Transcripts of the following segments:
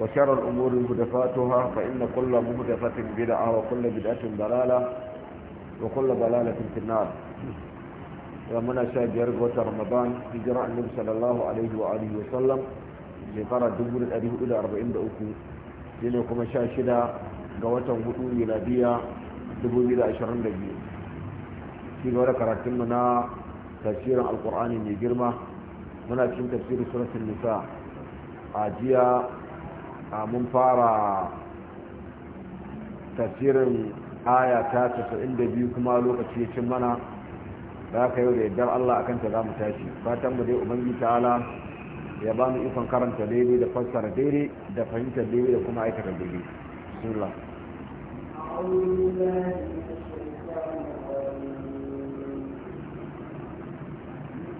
وشر الأمور مهدفاتها فإن كل مهدفة بدعة وكل بدعة ضلالة وكل ضلالة في النار ومن شاد يرغوة رمضان في جراء النبي صلى الله عليه وآله وسلم لقرى دبور الأديه إلى أربعين دقوة لنكم شاشدة قوة هدو ميلادية دبور إلى أشرين دقيقة في غورة كراتمنا تفسير القرآن من جرمة من تفسير سورة النساء عاجية a mun fara tafsirin aya ta biyu kuma lokaci ya cin mana da aka yau da yardar Allah akan ta zamu tashi fatan mu dai ubangi ta'ala ya ba mu ikon karanta daidai da fassara daidai da fahimtar daidai da kuma aikata daidai bismillah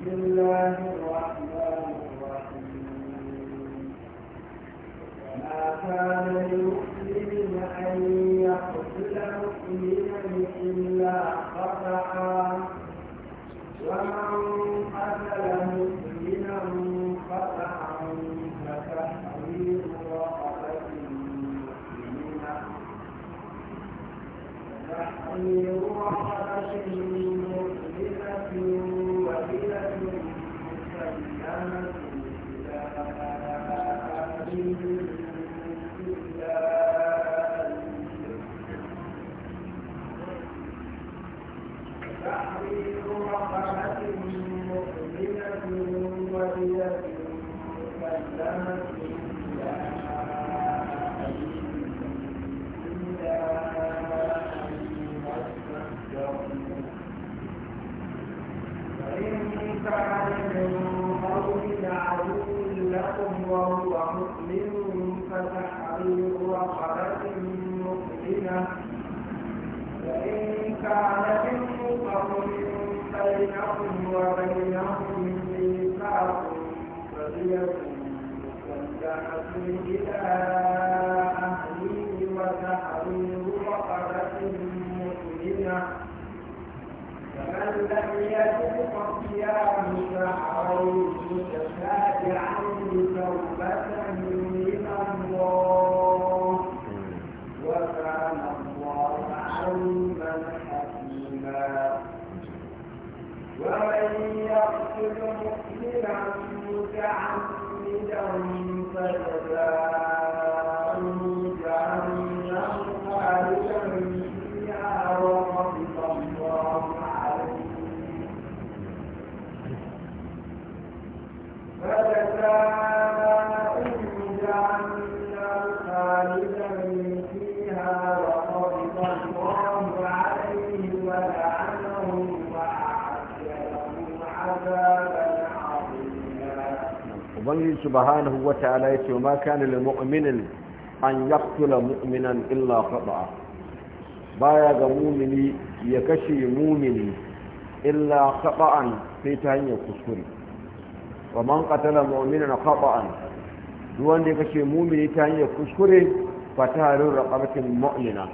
بسم الله الرحمن الرحيم ما كان لمسلم أن يقتل مسلما إلا خطأ ومن قتل مسلما خطأ فتحرير رقبة مسلمة تحرير ubangiji subhanahu wata'ala yace ma kana lil mu'minin an yaqtula mu'minan illa khata'a baya ga mumini ya kashe mumini illa khata'an sai ta hanyar kuskure wa man qatala mu'minan khata'an duk wanda ya kashe mumini ta hanyar kuskure fataharin raqabatin mu'mina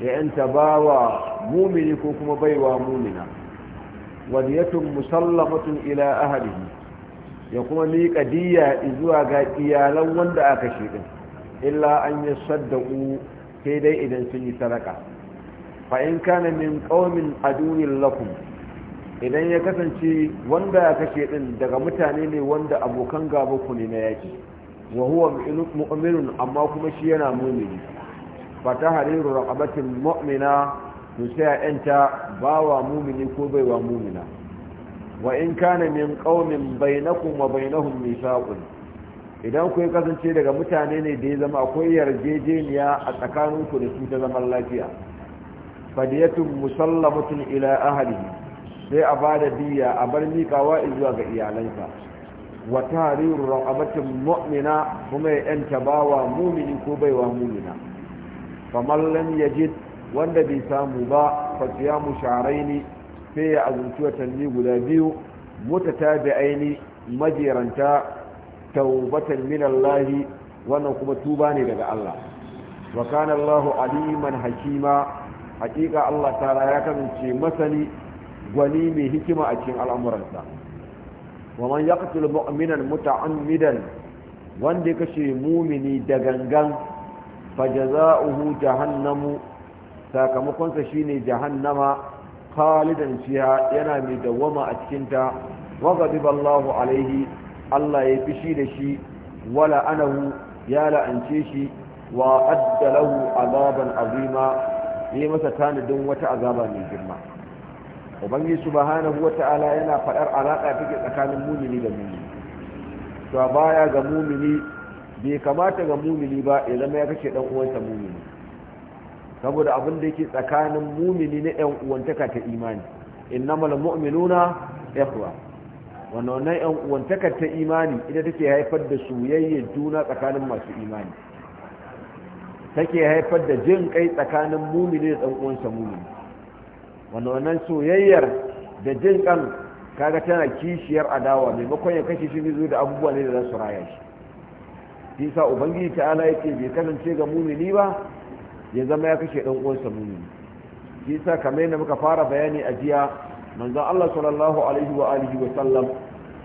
ya yanta bawa mumini ko kuma baiwa mumina wadiyatun tun ila ahlihi ya kuma miƙa diya zuwa ga iyalan wanda aka shi din illa an yi saddaku sai dai idan sun yi sadaka fa in kana min qaumin adunin lakum idan ya kasance wanda aka shi din daga mutane ne wanda abokan gaba ku ne na yaki wa huwa amma kuma shi yana mu'mini fa tahriru raqabatin mu'mina to sai a yanta bawa mu'mini ko baiwa mu'mina wa in kana min qaumin bainakum wa bainahum mithaqun idan ku kasance daga mutane ne da ya zama akwai yarjejeniya a tsakaninku da su ta zaman lafiya fadiyatun musallamatun ila ahlihi sai a bada biya a bar mikawa zuwa ga iyalansa wa tahriru raqabatin mu'mina kuma 'yan tabawa bawa mumini ko baiwa mumina famallan yajid wanda bai samu ba fa siyamu sha'raini sai ya azumci watanni guda biyu muta ta da aini majeranta taubatan min Allahi wannan kuma tuba ne daga Allah wa kana aliman hakima hakika Allah ta'ala ya kasance masani gwani mai hikima a cikin al'amuransa wa man yaqtul mu'minan muta'ammidan wanda kashe mumini da gangan fajaza'uhu jahannamu sakamakonsa shine jahannama khalidan fiha yana mai dawwama a cikin ta wa ghadiballahu alaihi Allah ya fishi da shi wala anahu ya la'ance shi wa adda lahu azaban azima yi masa tanadin wata azaba mai girma ubangi subhanahu wata'ala yana faɗar alaka take tsakanin mumini da mumini to baya ga mumini bai kamata ga mumini ba ya zama ya kashe dan uwansa mumini saboda abin da yake tsakanin mumini na yan uwantaka ta imani innamal mu'minuna ikhwa wannan na yan uwantaka ta imani ita take haifar da soyayyar juna tsakanin masu imani take haifar da jin kai tsakanin mumini da dan uwansa mumini wannan wannan soyayyar da jin kan kaga tana kishiyar adawa maimakon ya kashe shi ne da abubuwa ne da za su raya shi isa sa ubangiji ta'ala yake bai kasance ga mumini ba ya zama ya kashe ɗan uwansa muni shi sa kamar yadda muka fara bayani a jiya manzon Allah sallallahu alaihi wa alihi wa sallam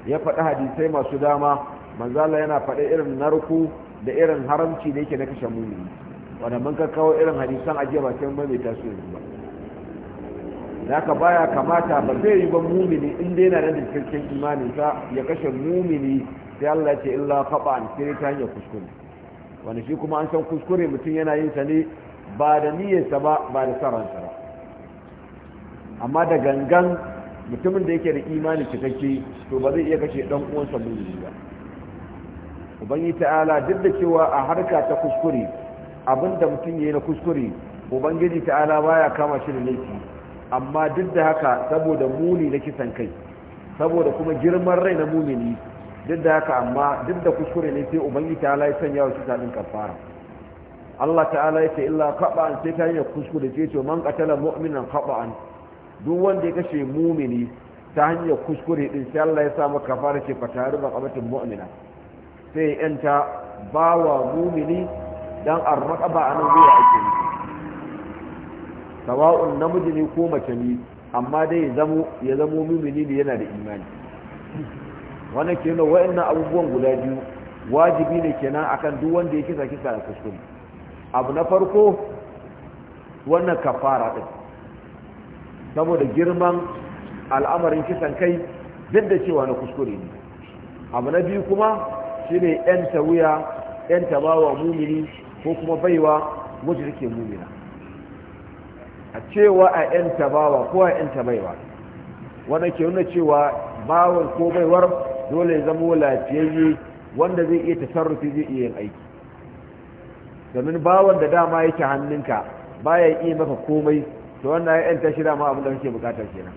ya faɗi hadisai masu dama manzan Allah yana faɗi irin narko da irin haramci da yake na kashe muni wanda mun ka kawo irin hadisan ajiya ba sai mai taso yanzu ba da haka baya kamata ba zai yi ba mumini in dai yana da cikakken imanin sa ya kashe mumini sai Allah ya ce illa faɓa an sai ta hanyar kuskure wani shi kuma an san kuskure mutum yana yin sa ne ba da niyyarsa ba ba da saransa ba amma da gangan mutumin da yake da imani cikakke to ba zai iya kashe dan uwansa mumini ba ubangi ta'ala duk da cewa a harka ta kuskure abinda mutum yayi na kuskure ubangiji ta'ala baya kama shi da laifi amma duk da haka saboda muni na kisan kai saboda kuma girman rai na mumini duk da haka amma duk da kuskure ne sai ubangiji ta'ala ya sanya wa shi sadin kafara Allah ta'ala ya ce illa khaba'an sai ta hanyar kuskure ce to man qatala mu'minan khaba'an duk wanda ya kashe mumini ta hanyar kuskure din sai Allah ya sa maka kafara ce fa tare ba qabatin mu'mina sai yanta bawa mumini dan arqaba an wuya ake yi sawa'un namiji ne ko mace ne amma dai ya zamo ya zamo mumini ne yana da imani wannan kenan wa'annan abubuwan guda biyu wajibi ne kenan akan duk wanda ya kisa kisa da kuskure abu na farko wannan kafara din saboda girman al'amarin kisan kai duk da cewa na kuskure ne abu na biyu kuma shine yan tawiya yan tabawa mumini ko kuma baiwa wacce take mumina a cewa a yan tabawa ko a yan tabaiwa wannan ke nuna cewa bawon ko baiwar dole ya zama lafiyayye wanda zai iya tasarrufi zai iya yin aiki domin bawan da dama yake hannunka baya iya maka komai to wannan ya yanta shi dama abin da kake bukatar kenan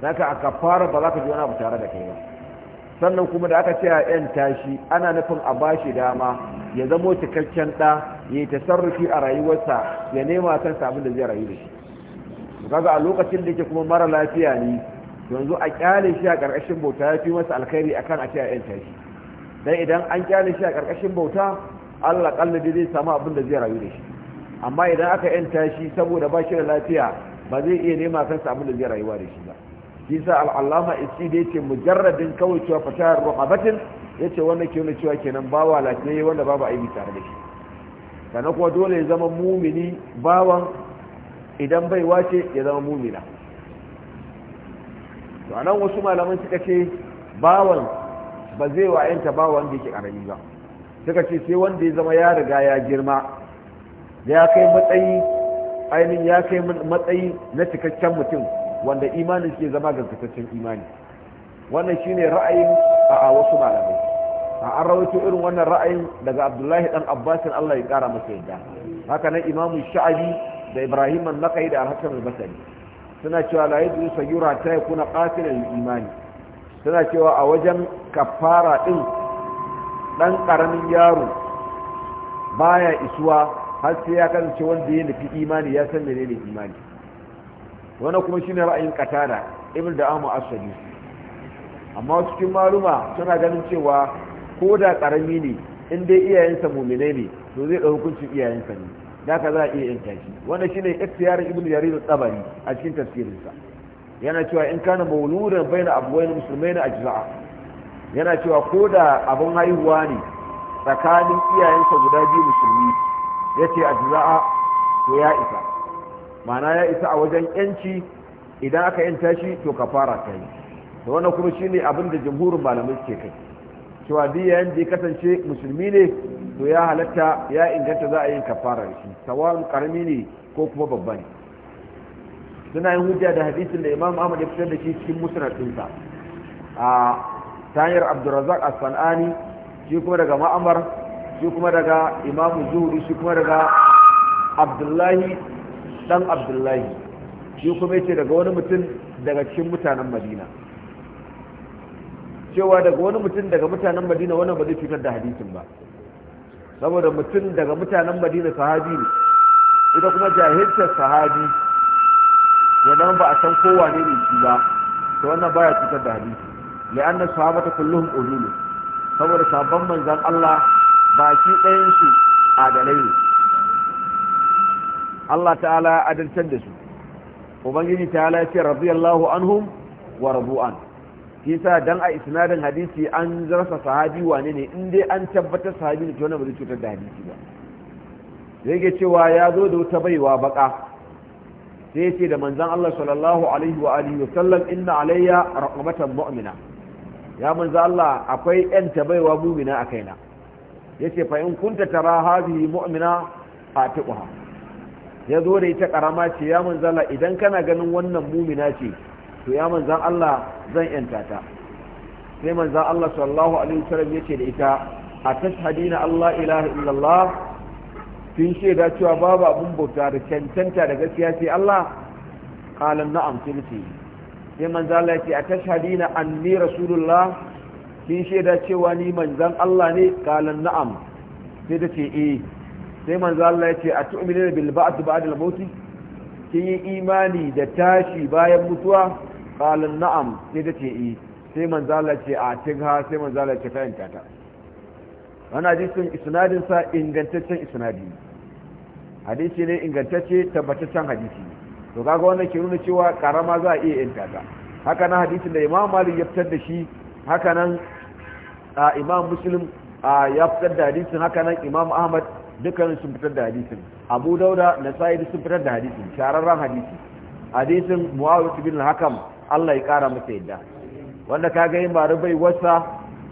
naka a kafara ba za ka ji wani abu tare da kai ba sannan kuma da aka ce a yanta shi ana nufin a bashi dama ya zamo cikakken ɗa ya yi tasarrufi a rayuwarsa ya nema kan abin da zai rayu da shi kaga a lokacin da yake kuma mara lafiya ne yanzu a kyale shi a ƙarƙashin bauta ya fi masa alkhairi akan a ce a yanta shi dan idan an kyale shi a ƙarƙashin bauta allah kallabi zai samu abin da zai rayu da shi amma idan aka yanta shi saboda ba shi da lafiya ba zai iya nema kansa abin da zai rayu da shi ba shi sa al'allama isi da yace mujarradin kawai cewa fasahar ya yace wannan ke nuna cewa kenan bawa lafiyayye wanda babu aibi tare da shi sannan kuma dole ya zama mumini bawan idan bai wace ya zama mumina to anan wasu malaman suka ce bawan ba zai wa'yanta bawan da yake karami ba suka ce sai wanda ya zama ya riga ya girma ya kai matsayi ainihin ya kai matsayi na cikakken mutum wanda imanin ke zama ga cikakken imani wannan shine ra'ayin a wasu malamai a an rawaito irin wannan ra'ayin daga abdullahi dan abbasin allah ya kara masa yadda haka nan imamu sha'abi da ibrahim an makai da al-hasan suna cewa la yadu sayura ta kuna qatilan imani suna cewa a wajen kafara din dan karamin yaro baya isuwa har sai ya kasance wanda ya nufi imani ya san menene imani wannan kuma shine ra'ayin katara ibn da amu asadi amma cikin maluma suna ganin cewa ko da karami ne in dai iyayensa mu'mine ne to zai ɗau hukuncin iyayensa ne da ka za a iya yanka shi wannan shine ikhtiyarin ibn yarid tsabari a cikin tafsirinsa yana cewa in kana mauludan baina abwayn muslimaina ajza'a yana cewa ko da abin haihuwa ne tsakanin iyayensa guda biyu musulmi ya ce a jiza'a to ya isa ma'ana ya isa a wajen yanci idan aka yanta shi to ka fara ta yi da wannan kuma ne abin da jamhurin malamai suke kai cewa duk da ya kasance musulmi ne to ya halatta ya inganta za a yi kafara da shi tsawon karami ne ko kuma babba ne suna yin hujja da hadisin da imam ahmad ya fitar da shi cikin musnad ɗinsa a ta hanyar abdurrazzaq as-sanani shi kuma daga ma'amar shi kuma daga imamu zuhuri shi kuma daga abdullahi dan abdullahi shi kuma yace daga wani mutum daga cikin mutanen madina cewa daga wani mutum daga mutanen madina wannan ba zai cutar da hadisin ba saboda mutum daga mutanen madina sahabi ne ita kuma jahilcin sahabi ya ba a san kowa ne ne shi ba to wannan baya cutar da hadisi li'anna sahabata kulluhum ulul saboda sabon manzon Allah baki ɗayan su adalai ne Allah ta'ala adalcin da su ubangiji ta'ala ya ce radiyallahu anhum wa rabu'an kisa dan a isnadin hadisi an rasa sahabi wane ne in dai an tabbatar sahabi ne to wannan cutar da hadisi ba cewa ya zo da wata baiwa baka sai ce da manzan Allah sallallahu alaihi wa alihi wa sallam inna alayya raqabatan mu'mina ya manzo Allah akwai yan tabaiwa mu'mina a kaina yace fa in kunta tara hadhihi mu'mina atiquha ya zo da ita karama ce ya manzo Allah idan kana ganin wannan mu'mina ce to ya manzo Allah zan yanta ta sai manzo Allah sallallahu alaihi wasallam yace da ita atashhadina Allah ilaha illallah sun shaida cewa babu abin bauta da cancanta da gaskiya sai Allah qalan na'am kin ce sai manzo Allah yake atashhadina anni rasulullah kin shaida cewa ni manzon Allah ne kalan na'am sai da ce eh sai manzo Allah yake da bil ba'd ba'd al maut kin yi imani da tashi bayan mutuwa kalan na'am sai da ce eh sai manzo Allah yake a ha sai manzo Allah yake fahimta ta wannan hadisin isnadin sa ingantaccen isnadi hadisi ne ingantacce tabbataccen hadisi to kaga wannan ke nuna cewa karama za a iya yanta ta haka nan hadisin da imam malik ya fitar da shi haka nan imam muslim ya fitar da hadisin haka nan imam ahmad dukkan sun fitar da hadisin abu dauda na sa'id sun fitar da hadisin shararren hadisi hadisin muawiyah bin hakam Allah ya kara masa yadda wanda kaga yin ba rubai wasa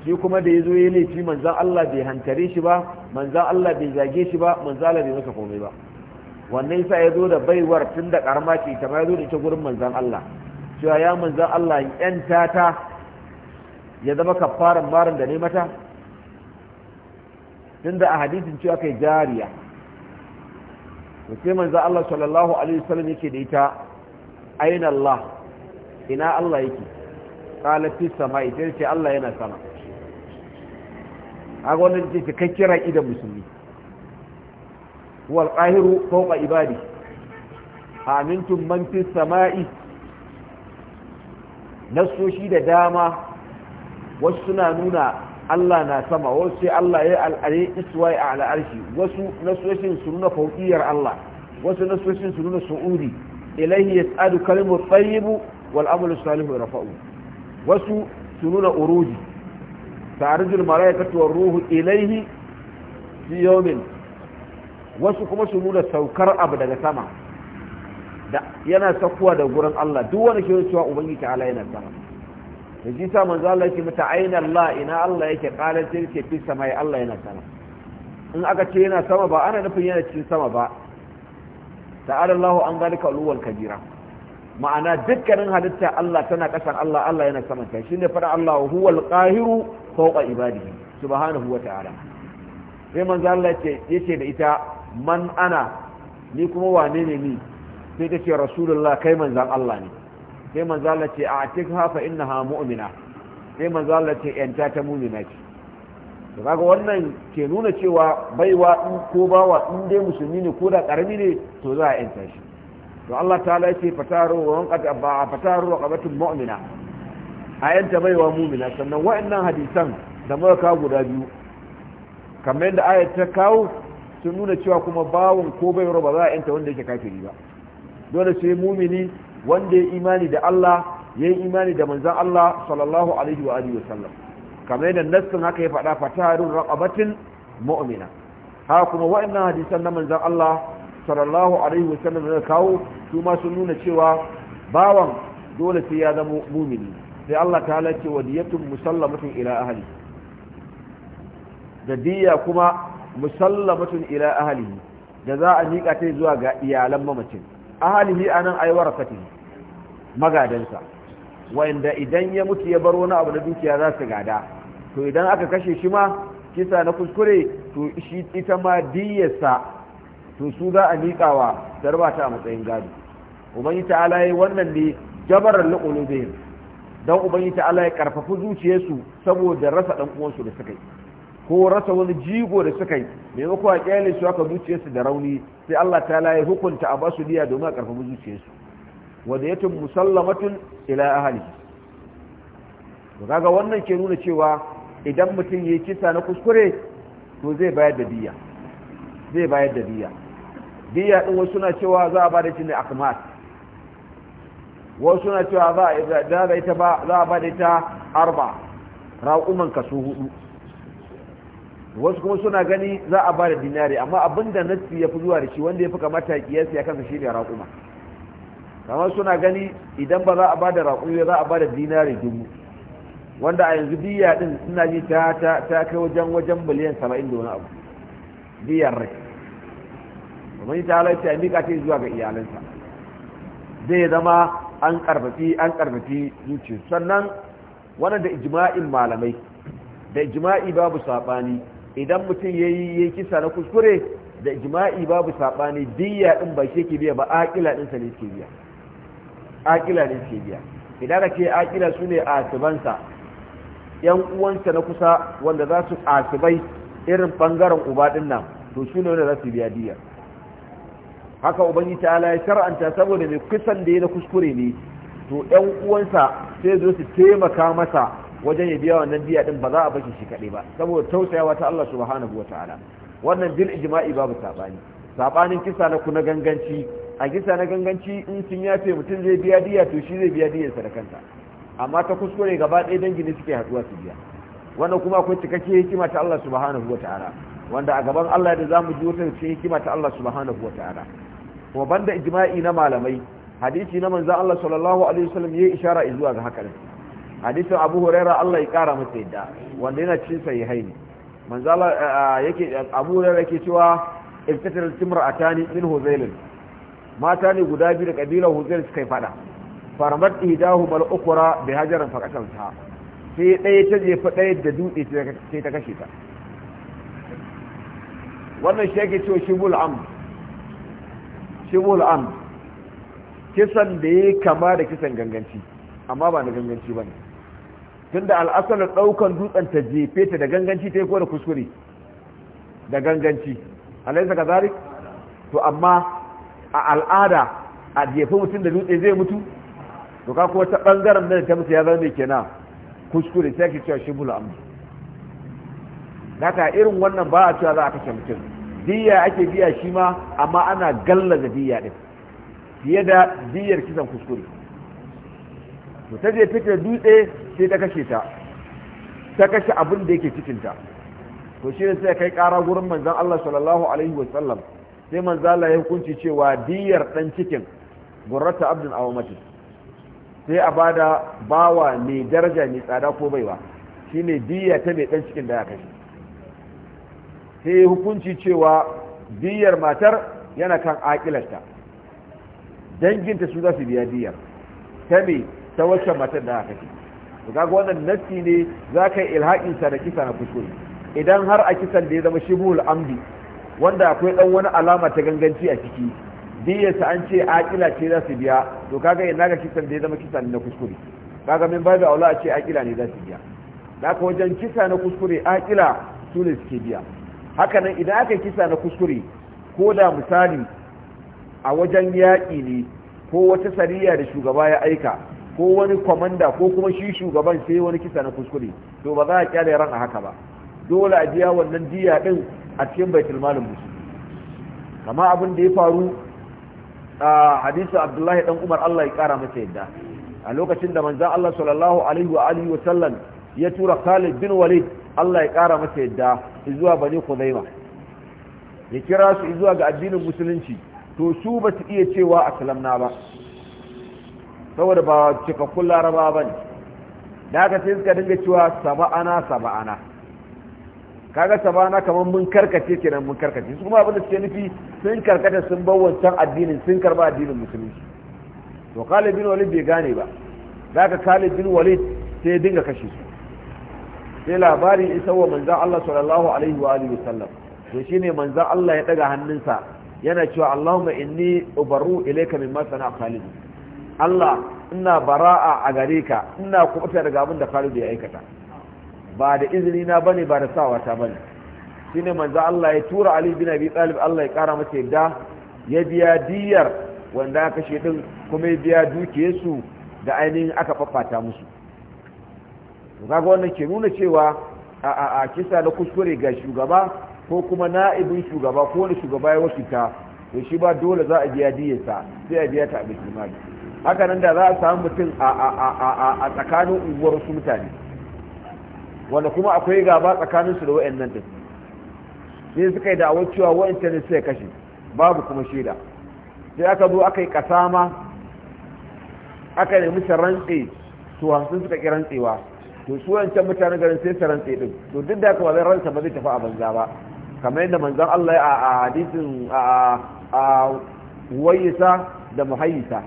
shi kuma da ya zo ya laifi manzon Allah bai hankare shi ba manzon Allah bai zage shi ba manzan Allah bai masa komai ba wannan yasa ya zo da baiwar tun da karama ce ta ya zo da ita gurin manzan Allah cewa ya manzan Allah yan tata ya zama kafaran barin da ne mata tun da a hadisin cewa kai jariya to sai manzan Allah sallallahu alaihi wasallam yake da ita aina Allah ina Allah yake kala fi sama'i sai Allah yana sama a wannan ce cikakken idan musulmi huwa alqahiru fawqa ibadi amintun mantin sama'i nasoshi da dama wasu suna nuna Allah na sama wasu sai Allah ya al'are iswai a al'arshi wasu nasoshin su nuna fauƙiyar Allah wasu nasoshin su nuna su'udi ilaihi yas'adu kalimu tayyibu wal amalu salihu rafa'u wasu su nuna uruji ta'arjul malaikatu war ruhu ilaihi fi yawmin wasu kuma su nuna saukar abu daga sama da yana sakuwa da gurin Allah duk wani ke cewa ubangiji ta'ala yana sama da ji sa manzo Allah yake mata aina Allah ina Allah yake kala sai yake fi sama ya Allah yana sama in aka ce yana sama ba ana nufin yana cikin sama ba ta'ala Allah an zalika ulwal kabira ma'ana dukkanin halitta Allah tana kasan Allah Allah yana sama ta shine fara Allah huwal qahiru fawqa ibadihi subhanahu wa ta'ala sai manzo Allah yace da ita man ana ni kuma wane ne ni sai ta ce rasulullah kai manzan Allah ne sai manzan Allah ce a cik hafa ina ha mu'mina sai manzan Allah ce yanta ta mu'mina ce da zaga wannan ke nuna cewa baiwa in ko bawa in dai musulmi ne ko da karami ne to za a yanta shi to Allah ta ya ce fataro wa qad ba a wa raqabatul mu'mina a yanta baiwa mu'mina sannan wa'annan hadisan da muka guda biyu kamar yadda ayat ta kawo sun nuna cewa kuma bawon ko baiwar ba za a yanta wanda yake kafiri ba dole sai mumini wanda ya imani da Allah ya yi imani da manzan Allah sallallahu alaihi wa alihi wasallam kamar yadda nassin haka ya faɗa fataharun raqabatin mu'mina ha kuma wa'annan hadisan na manzan Allah sallallahu alaihi wasallam da kawo su ma sun nuna cewa bawan dole sai ya zama mumini sai Allah ta halarci wa diyatun musallamatun ila ahli da diya kuma musallamatun ila ahlihi da za a miƙa ta zuwa ga iyalan mamacin ahlihi anan ay warakati magadansa wanda idan ya mutu ya bar wani abu na dukiya za su gada to idan aka kashe shi ma kisa na kuskure to shi ita ma diyarsa to su za a miƙawa darba ta a matsayin gado ubangi ta'ala yi wannan ne jabarar liqulubihim dan ubangi ta'ala ya karfafi zuciyarsu saboda rasa dan uwansu da suka yi ko rasa wani jigo da suka yi maimako a kyale su aka zuciyarsu da rauni sai Allah ta laye hukunta a basu diya domin a karfafa zuciyarsu wadda ya tun musallamatun ila ahali gaga wannan ke nuna cewa idan mutum ya yi kisa na kuskure to zai bayar da diya zai bayar da diya diya din wasu suna cewa za a ba da shi ne akmat wasu suna cewa za a ba da ita arba raƙuman kaso hudu wasu kuma suna gani za a ba da dinari amma abinda nassi ya fi zuwa da shi wanda ya fi kamata ya kiyasi ya kansa shine raƙuma kamar suna gani idan ba za a ba da raƙumi za a ba da dinari dubu wanda a yanzu biya din suna ji ta ta kai wajen wajen miliyan saba'in da wani abu biyar rai kuma yi ta halarci ya mika ta zuwa ga iyalansa zai zama an karfafi an karfafi zuciya sannan wani da ijma'in malamai da ijma'i babu saɓani idan mutum ya yi kisa na kuskure da jima'i babu saɓani diya ɗin ba shi ke biya ba aƙila ɗinsa ne ke biya aƙila ne ke biya idan ake aƙila su ne asibansa yan uwansa na kusa wanda za su asibai irin ɓangaren uba ɗin nan to su ne wanda za su biya diya haka ubangi ta ala ya shar'anta saboda mai kusan da ya na kuskure ne to yan uwansa sai zo su taimaka masa wajen ya biya wannan biya din ba za a bashi shi kaɗai ba saboda tausayawa ta Allah subhanahu wa ta'ala wannan bil ijma'i babu sabani sabanin kisa na kuna ganganci a kisa na ganganci in sun yafe mutum zai biya diya to shi zai biya diyar sa da kanta amma ta kuskure gaba ɗaya dangi ne suke haɗuwa su biya wannan kuma akwai cikakke hikima ta Allah subhanahu wa ta'ala wanda a gaban Allah da zamu ji wata cikin hikima ta Allah subhanahu wa ta'ala kuma banda ijma'i na malamai hadisi na manzo Allah sallallahu alaihi wasallam yayi ishara zuwa ga haka hadisin abu huraira Allah ya kara masa yadda wanda yana cin sahihai ne manzo Allah yake abu huraira yake cewa iftatar timra atani min huzailin mata ne guda biyu da kabilar huzail suka yi fada faramat idahu bal ukra bi hajaran faqatalha sai dai ta jefa ɗaya da dutse sai ta kashe ta wannan shi yake cewa shibul am shibul am kisan da ya kama da kisan ganganci amma ba na ganganci ba ne tunda al'asalar daukan dutsen ta jefe ta da ganganci ta yi ko da kuskure da ganganci alaisa ka zari to amma a al'ada a jefe mutum da dutse zai mutu to ka kuma ta ɓangaren da ta mutu ya zama mai kenan kuskure sai ake cewa shi bula amma haka irin wannan ba a cewa za a kashe mutum diya ake biya shi ma amma ana gallaza diya ɗin fiye da diyar kisan kuskure to ta je fitar dutse sai ta kashe ta ta kashe abin da yake cikinta to shi ne sai kai kara gurin manzan Allah sallallahu alaihi sallam sai manzan Allah ya hukunci cewa diyar dan cikin gurrata abdin awamati sai a bada bawa mai daraja mai tsada ko baiwa shine diya ta mai dan cikin da ya kashe sai hukunci cewa diyar matar yana kan akilarta danginta su za su biya diyar ta mai ta wacce matar da aka kashe to kaga wannan nafi ne za ka yi ilhaƙin sa da kisa na kuskure idan har a kisan da ya zama shibul amdi wanda akwai dan wani alama ta ganganci a ciki diyasa an ce akila ce za su biya to kaga ina ga kisan da ya zama kisa na kuskure kaga min babu aula a ce akila ne za su biya da wajen kisa na kuskure akila su ne suke biya hakanan idan aka kisa na kuskure ko da misali a wajen yaƙi ne ko wata sariya da shugaba ya aika ko wani kwamanda ko kuma shi shugaban sai wani kisa na kuskure to ba za a kyale ran a haka ba dole a biya wannan diya din a cikin baitul malam musu kama abin da ya faru a hadisu abdullahi dan umar Allah ya kara masa yadda a lokacin da manzan Allah sallallahu alaihi wa alihi wa sallam ya tura Khalid bin Walid Allah ya kara masa yadda zuwa bani Khuzaima ya kira su zuwa ga addinin musulunci to su ba su iya cewa a kalamna ba saboda ba cikakkun laraba ba ne da aka ce suka dinga cewa saba'ana saba'ana kaga saba'ana kamar mun karkace kenan mun karkace su kuma abin da suke nufi sun karkata sun bar wancan addinin sun karba addinin musulunci to Khalid bin Walid bai gane ba da aka Khalid bin Walid sai dinga kashe su sai labarin isa wa manzan Allah sallallahu alaihi wa alihi wasallam to shine manzan Allah ya daga hannunsa yana cewa Allahumma inni ubaru ilayka mimma sana'a Khalid Allah ina bara'a a gare ka ina kubuta daga abin da Khalid ya aikata ba da izini na bane ba da sawa ta bane shine manzo Allah ya tura Ali bin Abi Talib Allah ya kara masa yadda ya biya diyar wanda aka kashe din kuma ya biya dukiyarsu da ainihin aka faffata musu kaga wannan ke nuna cewa a kisa na kuskure ga shugaba ko kuma na'ibin shugaba ko wani shugaba ya ta to shi ba dole za a biya diyarsa sai a biya ta a bikin haka nan da za a samu mutum a tsakanin unguwar su mutane wanda kuma akwai gaba tsakanin su da wa'annan din ne suka yi da'awar cewa ta ne sai kashe babu kuma shaida sai aka zo aka yi kasama aka nemi su rantse to hansu suka ki rantsewa to su wancan mutanen garin sai su rantse din to duk da haka ba zai rantsa ba zai tafi a banza ba kamar yadda manzon Allah a hadisin a wayyisa da muhayyisa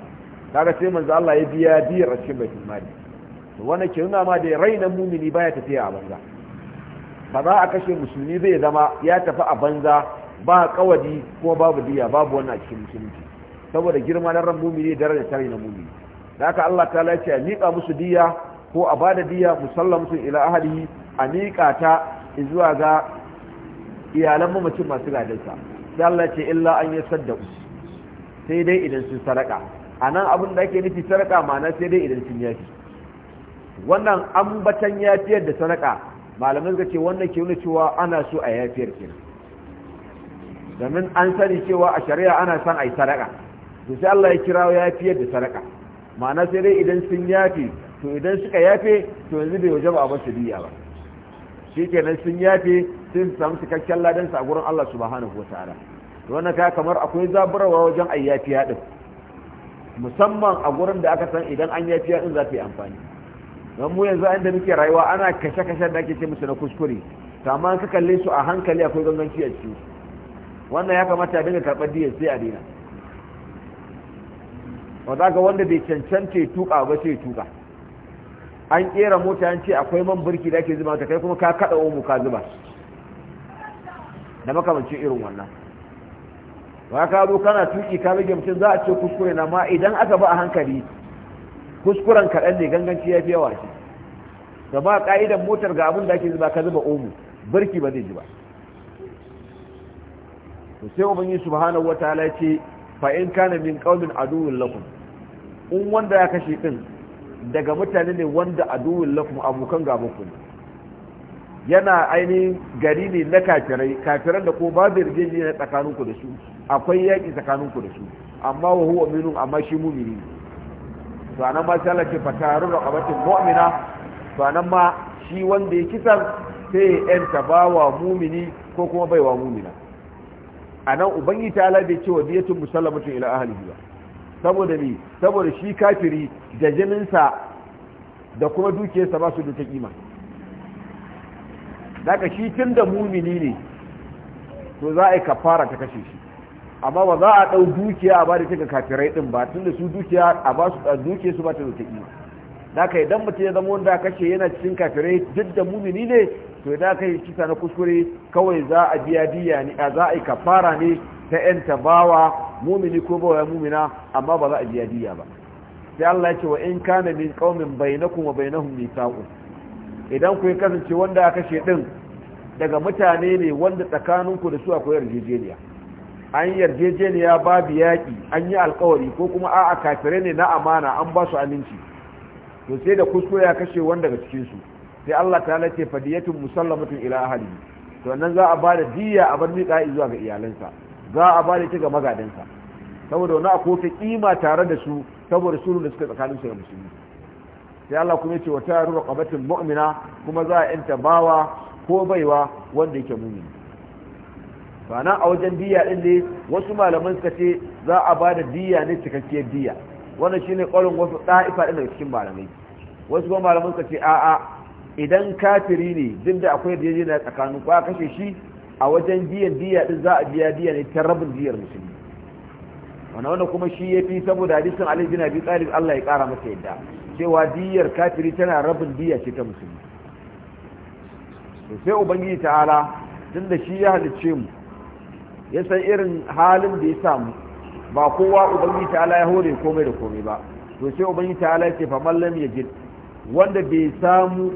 kaga sai manzo Allah ya biya biyar a cikin baitul mali to wannan ke nuna ma da raina mumini baya tafiya a banza ba za a kashe musulmi zai zama ya tafi a banza ba kawadi ko babu diya babu wannan a cikin musulunci saboda girma na ran mumini da rana tare na mumini da haka Allah ta lace a miƙa musu diya ko a bada diya musallam musu ila ahlihi a miƙa ta zuwa ga iyalan mamacin masu gadansa sai Allah ce illa an yi sadda sai dai idan sun sadaka a nan abin da ake nufi sadaka ma'ana sai dai idan sun yafi wannan ambatan yafiyar da sadaka malamai suka ce wannan ke nuna cewa ana so a yafiyar kenan domin an sani cewa a shari'a ana son a yi sadaka to sai Allah ya kira yafiyar da sadaka ma'ana sai dai idan sun yafi to idan suka yafe to yanzu bai wajaba a basu biya ba shikenan sun yafe sun samu cikakken ladansa a gurin Allah subhanahu ta'ala to wannan ka kamar akwai zaburarwa wajen ayyafiya din musamman a gurin da aka san idan an yafiya in za ta yi amfani don mu yanzu inda muke rayuwa ana kashe kashe da ake ce musu na kuskure amma ka kalle su a hankali akwai ganganci a ciki wannan ya kamata a dinga karɓar diyar sai a daina ba za ga wanda bai cancanta ya tuka ba sai ya tuka an kera mota an ce akwai man burki da ake zuba ta kai kuma ka kaɗa omu ka zuba da makamancin irin wannan ba ka zo kana tuki ka rage mutum za a ce kuskure na ma idan aka ba a hankali kuskuren kaɗan ne ganganci ya fi yawa shi da ba ka'idan motar ga abin da ake zuba ka zuba omu birki ba zai ji ba to sai yi subhanahu wa ta'ala ce fa in kana min qaumin aduwwin lakum in wanda ya kashe din daga mutane ne wanda aduwwin lakum abokan gaban ku ne yana ainihin gari ne na kafirai kafiran da ko babu yarjejeniya tsakanin tsakaninku da su akwai yaƙi tsakaninku da su amma wa huwa minun amma shi mumini to anan ma sai ce fataru abatin mu'mina to anan ma shi wanda ya kisan sai ya yanta wa mumini ko kuma bai wa mumina anan ubangi ta Allah bai cewa wa musallamatun ila ahlihi ba saboda ni saboda shi kafiri da jininsa da kuma dukiyarsa ba su da ta kima daga shi tun da mumini ne to za a yi kafara ta kashe shi amma ba za a ɗau dukiya a ba da cika kafirai ɗin ba tun da su dukiya a ba su dukiya su ba ta zuta ima da ka idan mutum ya zama wanda a kashe yana cikin kafirai duk da mumini ne to da ka yi kisa na kuskure kawai za a biya diya ne a za a yi kafara ne ta yan tabawa mumini ko bawa mumina amma ba za a biya diya ba sai Allah ya ce wa in kana min qaumin bainakum wa bainahum idan ku yi kasance wanda aka kashe din daga mutane ne wanda tsakaninku da su akwai yarjejeniya an yarjejeniya babu yaƙi an yi alkawari ko kuma a kafirai ne na amana an ba su aminci to sai da kuskure ya kashe wanda daga cikin su sai Allah ta ce fadiyatun musallamatun ila ahli to nan za a bada diya a bar miƙa zuwa ga iyalansa za a bada ta ga magadansa saboda wani akwai ta kima tare da su saboda sunan da suka tsakanin su da musulmi sai Allah kuma yace wa taru raqabatul mu'mina kuma za a inta bawa ko baiwa wanda yake mumini ba na a wajen diya din ne wasu malaman suka ce za a ba da diya ne cikakkiyar diya wannan shine kwarin wasu ɗa'ifa ɗin daga cikin malamai wasu kuma malaman suka ce a'a idan kafiri ne duk da akwai da na tsakanin ko a kashe shi a wajen biyan diya din za a biya diya ne ta rabin diyar musulmi wannan wanda kuma shi ya fi saboda hadisin Ali bin Abi Talib Allah ya kara masa yadda cewa diyar kafiri tana rabin diya ce ta musulmi sai ubangiji ta'ala tun da shi ya halicce mu ya san irin halin da ya samu ba kowa ubangiji ta'ala ya hore komai da komai ba to sai ubangiji ta'ala ya ce fa mallam ya jid wanda bai samu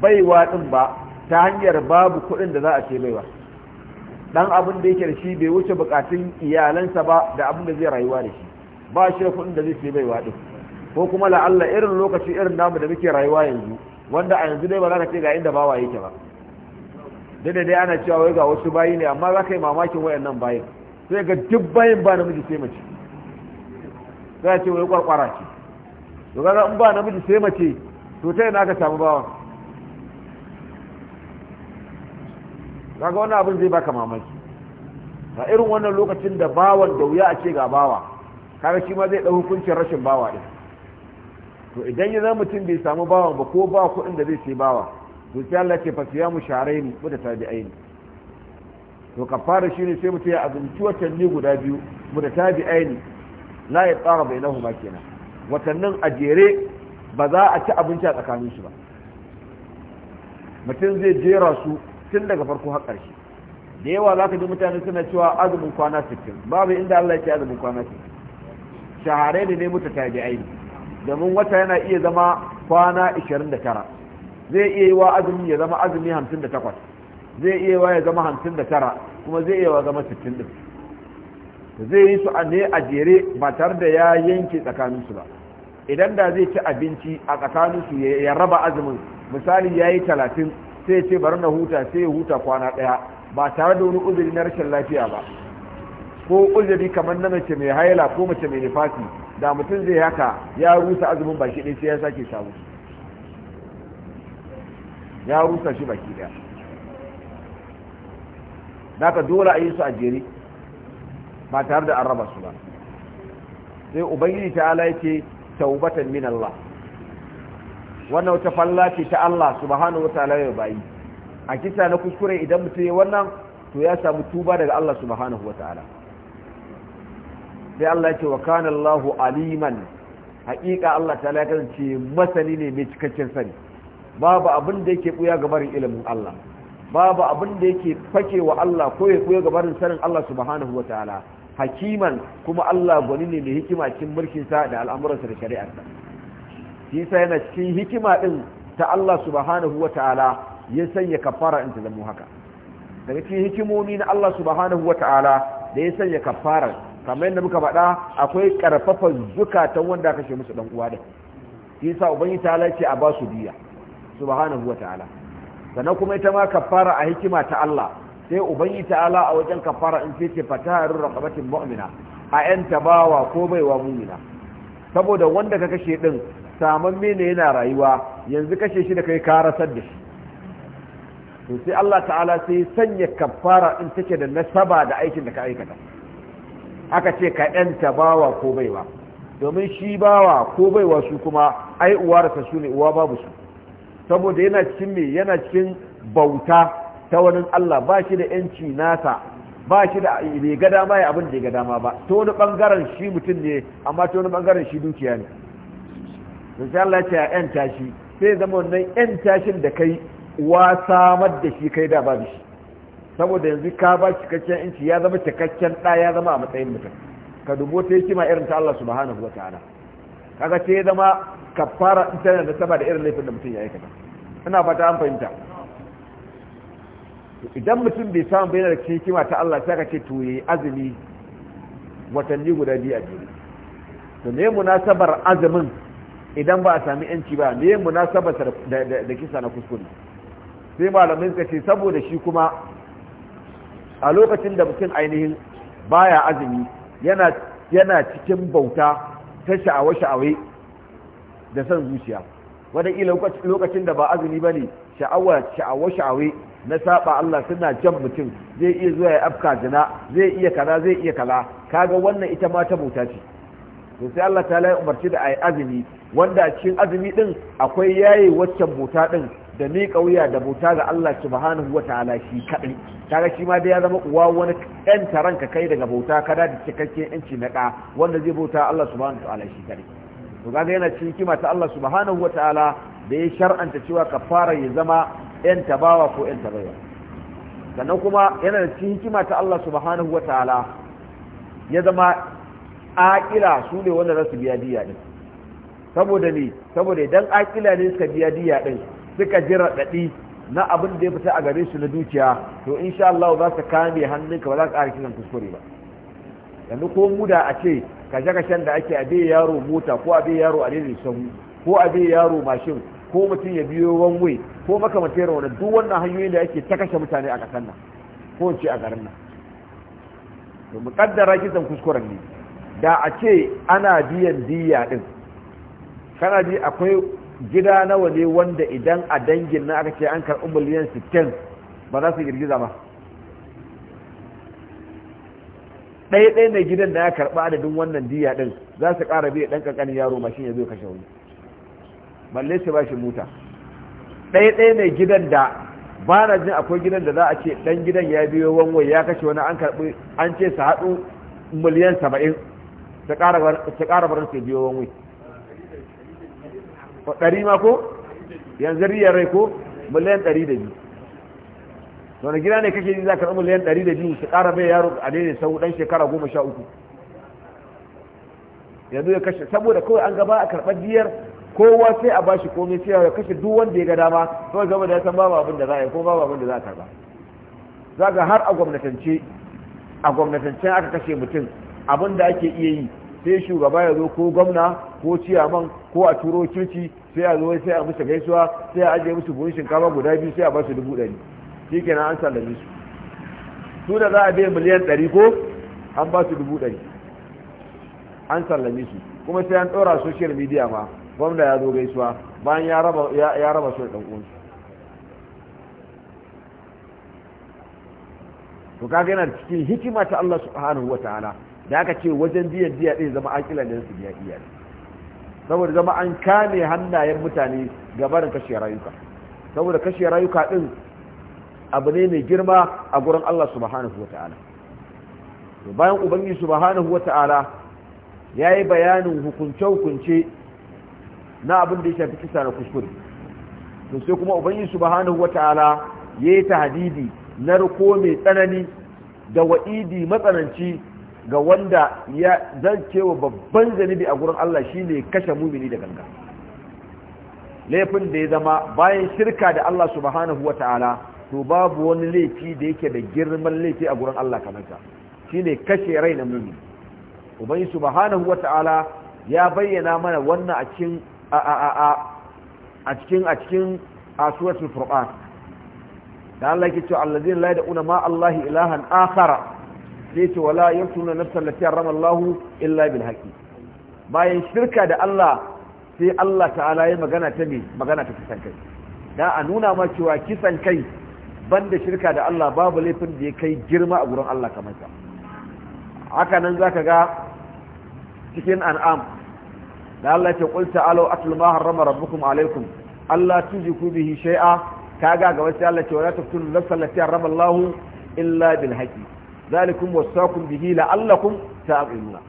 baiwa din ba ta hanyar babu kuɗin da za a ce baiwa dan abin da yake da shi bai wuce bukatun iyalansa ba da abin da zai rayuwa da shi ba shi da kuɗin da zai ce baiwa din ko kuma la'alla irin lokaci irin namu da muke rayuwa yanzu wanda a yanzu dai ba za ka ce ga inda bawa yake ba dai dai ana cewa wai ga wasu bayi ne amma za ka yi mamakin wayannan bayin sai ga duk bayin ba namiji sai mace za ce wai kwarkwara ce to kaga in ba namiji sai mace to ta yana ka samu bawan kaga wani abin zai baka mamaki a irin wannan lokacin da bawan da wuya a ce ga bawa kaga shi ma zai ɗau hukuncin rashin bawa ɗin to idan ya zama mutum bai samu bawan ba ko ba kuɗin da zai ce bawa to sai Allah ce fa siyamu ko da tabi'ain to kafara shine sai mutum ya azumci watanni guda biyu mu da tabi'ain la ya tsara bainahuma kenan watannin a jere ba za a ci abinci a tsakanin shi ba mutum zai jera su tun daga farko har ƙarshe da yawa za ka ji mutane suna cewa azumin kwana 60 babu inda Allah ya ce azumin kwana 60 shaharai ne ne mutu tabi'ai domin wata yana iya zama kwana 29 zai iya yi wa azumi ya zama azumi 58 zai iya yi wa ya zama 59 kuma zai iya wa zama 60 zai yi su a ne a jere ba tare da ya yanke tsakaninsu ba idan da zai ci abinci a tsakaninsu ya raba azumin misali ya yi 30 sai ce bari na huta sai ya huta kwana ɗaya ba tare da wani uzuri na rashin lafiya ba ko uzuri kamar na mace mai haila ko mace mai nifasi da mutum zai haka ya rusa azumin baki ɗaya sai ya sake samu ya rusa shi baki ɗaya ka dole a yi su a jere ba tare da an raba su ba sai ubangiji ta ala yake taubatan min Allah wannan wata falla ce ta Allah subhanahu wataala ya bayi a kisa na kuskure idan mutum ya wannan to ya samu tuba daga Allah subhanahu wataala sai Allah ya ce wa kana Allahu aliman haƙiƙa Allah ta ya kasance masani ne mai cikakken sani babu abin da yake buya ga barin ilimin Allah babu abin da yake fake wa Allah ko ya buya ga barin sanin Allah subhanahu wa ta'ala hakiman kuma Allah gwani ne mai hikima cikin mulkin sa da al'amuransa da sa shi yasa yana cikin hikima din ta Allah subhanahu wa ta'ala ya sanya kafara in ta haka daga cikin hikimomi na Allah subhanahu wa ta'ala da ya sanya kafara kamar yadda muka faɗa akwai ƙarfafar zukatan wanda aka kashe musu dan uwa da shi yasa ubangiji ta ce a ba su ba hana zuwa ta'ala sannan kuma ita ma kafara a hikima ta Allah sai ta ta'ala a wajen kafara in ce ce harin raqabatin mu'mina a yan tabawa ko baiwa mu'mina saboda wanda ka kashe ɗin saman mene yana rayuwa yanzu kashe shi da kai ka rasar da shi to sai Allah ta'ala sai sanya kafara in take da nasaba da aikin da ka aikata aka ce ka ɗanta bawa ko baiwa domin shi bawa ko baiwa su kuma ai uwarsa su ne uwa babu su saboda yana cikin me yana cikin bauta ta wani Allah ba shi da yanci nasa ba shi da bai ga dama ya abin da ya ga dama ba ta wani bangaren shi mutum ne amma ta wani bangaren shi dukiya ne sai Allah ya yan tashi sai zama wannan yan tashin da kai uwa samar da shi kai da babu shi saboda yanzu ka ba cikakken inci ya zama cikakken ɗa ya zama a matsayin mutum ka dubo ta kima irin ta Allah subhanahu wa ta'ala kaga ce ya zama kafara ita da saba da irin laifin da mutum ya aikata ina fata an fahimta idan mutum bai samu bayyana da kima ta Allah sai ka ce to yi azumi watanni guda biyu a jere to me munasabar azumin idan ba a sami yanci ba me munasabar da kisa na kuskure sai malamin ka ce saboda shi kuma a lokacin da mutum ainihin baya azumi yana yana cikin bauta ta sha'awa sha'awe da son zuciya wataƙila lokacin da ba azumi ba ne sha'awa sha'awa na saba Allah suna jan mutum zai iya zuwa ya afka jina zai iya kala zai iya kala kaga wannan ita ma ta bauta ce to sai Allah ta lai umarci da ayi azumi wanda cikin azumi din akwai yayi waccan bauta din da ni kauya da bauta ga Allah subhanahu wata'ala shi kaɗai kaga shi ma dai ya zama uwa wani ɗan taranka kai daga bauta kada da cikakken yanci na ka wanda zai bauta Allah subhanahu wata'ala shi kaɗai to kaga yana cikin hikima ta Allah subhanahu wata'ala da ya shar'anta cewa kafara ya zama ɗan tabawa ko ɗan tabawa. sannan kuma yana da cikin hikima ta Allah subhanahu wata'ala ya zama aƙila su ne wanda za su biya diya din saboda ne saboda idan aƙila ne suka biya diya din suka ji raɗaɗi na abin da ya fita a gare su na dukiya to insha Allah za su kame hannunka ba za ka ƙara kisan kuskure ba yanzu ko mu da a ce kashe-kashen da ake a bai yaro mota ko a bai yaro a daidai sahu ko a bai yaro mashin ko mutum ya biyo wai, ko makamantar wani duk wannan hanyoyin da ake ta kashe mutane a ƙasar nan ko ce a garin nan to mu kaddara kisan kuskuren ne da a ce ana biyan diya din kana bi akwai gida nawa ne wanda idan a dangin na aka ce an karɓi miliyan 60 ba za su girgiza ba ɗaya ɗaya mai gidan da ya karɓi adadin wannan diya ɗin za su ƙara biya ɗan ƙanƙanin yaro mashin ya zo kashe wani balle su ba shi mota ɗaya ɗaya mai gidan da ba na jin akwai gidan da za a ce ɗan gidan ya biyo wani ya kashe wani an karɓi an ce su haɗu miliyan saba'in su ƙara barin su biyo wani ɗari ma ko yanzu riyar rai ko miliyan ɗari da biyu wani gida ne kake yi za ka miliyan ɗari da biyu su ƙara bai yaro a daidai sau ɗan shekara goma sha uku yanzu ya kashe saboda kawai an gaba a karɓar diyar kowa sai a bashi komai sai ya kashe duk wanda ya ga dama kawai gaba da ya san babu abin da za a yi ko babu abin da za a karɓa za ga har a gwamnatance a gwamnatance aka kashe mutum abin da ake iya yi sai shugaba ya zo ko gwamna ko man ko a turo kirci sai a zo sai a musu gaisuwa sai a ajiye musu buhun shinkafa guda biyu sai a ba su dubu ɗari shi an sallame su su da za a biya miliyan ɗari ko an ba su dubu ɗari an sallame su kuma sai an ɗora social media ma gwamna ya zo gaisuwa bayan ya raba ya raba su da ɗan uwansu to kaga yana cikin hikima ta Allah subhanahu wataala da aka ce wajen biyan diya ɗaya zama akilan da su biya iyali saboda zama an kame hannayen mutane gabarin kashe rayuka saboda kashe rayuka din abu ne mai girma a gurin Allah subhanahu wa ta'ala bayan ubangi subhanahu wa ta'ala ya yi bayanin hukunce-hukunce na abin da ya shafi kisa na kuskure to sai kuma ubangi subhanahu wa ta'ala ya yi tahadidi na riko mai tsanani da wa'idi matsananci ga wanda ya zancewa babban zanibi a gurin Allah shi ne kashe mumini da ganga laifin da ya zama bayan shirka da Allah subhanahu ta'ala, to babu wani laifi da yake da girman laifi a gurin Allah kamar Shi ne kashe rai na mumini ubangi subhanahu ta'ala ya bayyana mana wannan a cikin a a cikin a cikin a suratul furqan dan Allah yake cewa alladhina la yad'una ma Allah ilahan akhara sai ce wala yaftuna nafsan lati harrama Allah illa bil haqqi bayan shirka da Allah sai Allah ta'ala ya magana ta me magana ta kisan kai da a nuna ma cewa kisan kai ban da shirka da Allah babu laifin da ya kai girma a gurin Allah kamar sa haka nan ka ga cikin an'am da Allah ce qul ta'alu atlu ma harrama rabbukum alaikum Allah tujiku bihi shay'a ka ga ga wasu Allah ce wala taftunu nafsan lati harrama lahu illa bil haƙi. zalikum wasakum bihi la'allakum ta'qiluna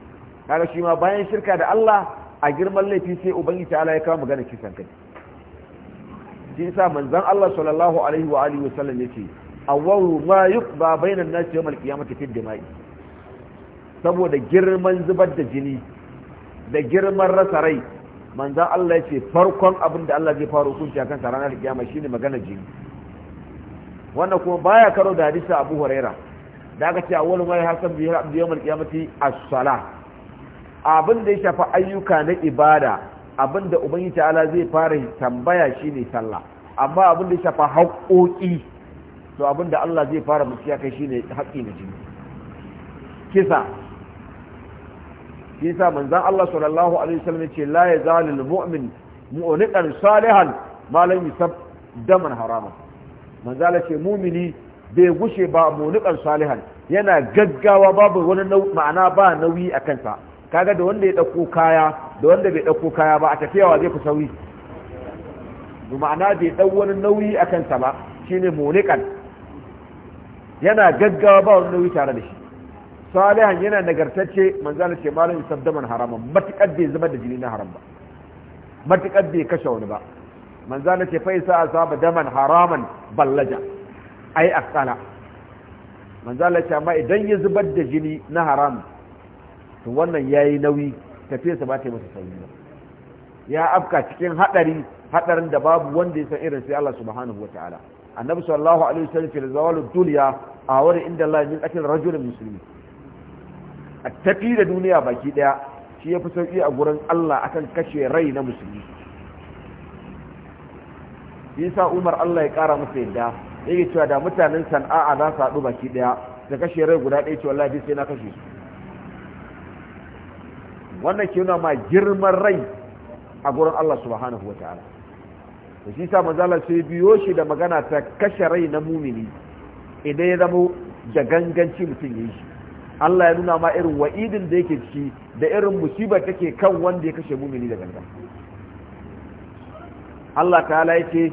kaga shi ma bayan shirka da Allah a girman laifi sai ubangiji ta'ala ya kawo magana kisan kai shi yasa manzon Allah sallallahu alaihi wa alihi wasallam yace awwalu ma yuqba bainan nas yawm qiyamati dima'i saboda girman zubar da jini da girman rasa rai manzon Allah yace farkon abin da Allah zai fara hukunci akan sa ranar kiyama shine magana jini wannan kuma baya karo da hadisi Abu Huraira da aka ce wani hasan biyar bi yawm al-qiyamati as-salah abin da ya shafa ayyuka na ibada abin da ubangiji ta'ala zai fara tambaya shi ne sallah amma abin da ya shafa haƙoƙi to abin da Allah zai fara musiya kai ne haƙi na jini kisa kisa manzan Allah sallallahu alaihi wasallam ce la ya al-mu'min mu'niqan salihan ma lam yusab daman harama manzala ce mumini bai gushe ba munikan salihan yana gaggawa babu wani ma'ana ba nauyi a kansa kaga da wanda ya ɗauko kaya da wanda bai ɗauko kaya ba a tafiyawa zai ku sauri da ma'ana bai ɗau wani nauyi a kansa ba shine munikan yana gaggawa ba wani nauyi tare da shi salihan yana nagartacce manzana ce malam sabdaman haraman matukar bai zama da jini na haram ba matukar bai kashe wani ba manzana ce faisa isa asaba daman haraman ballaja ai akala manzo Allah ce idan ya zubar da jini na haram to wannan yayi nauyi sa ba ta masa sauki ba ya afka cikin hadari hadarin da babu wanda ya san irin sai Allah subhanahu wataala annabi sallallahu alaihi wasallam fil zawalu dunya a wani inda Allah ya kace rajulun muslimi a tafi da duniya baki daya shi ya fi sauki a gurin Allah akan kashe rai na musulmi yasa Umar Allah ya kara masa yadda yake cewa da mutanen sana'a za su haɗu baki ɗaya da kashe rai guda ɗaya ce wallahi sai na kashe su wannan ke nuna ma girman rai a gurin Allah subhanahu wa ta'ala da shi sa manzala sai biyo shi da magana ta kashe rai na mumini idan ya zama da ganganci mutum ya shi Allah ya nuna ma irin wa'idin da yake ciki da irin musibar take kan wanda ya kashe mumini da gangan Allah ta'ala yake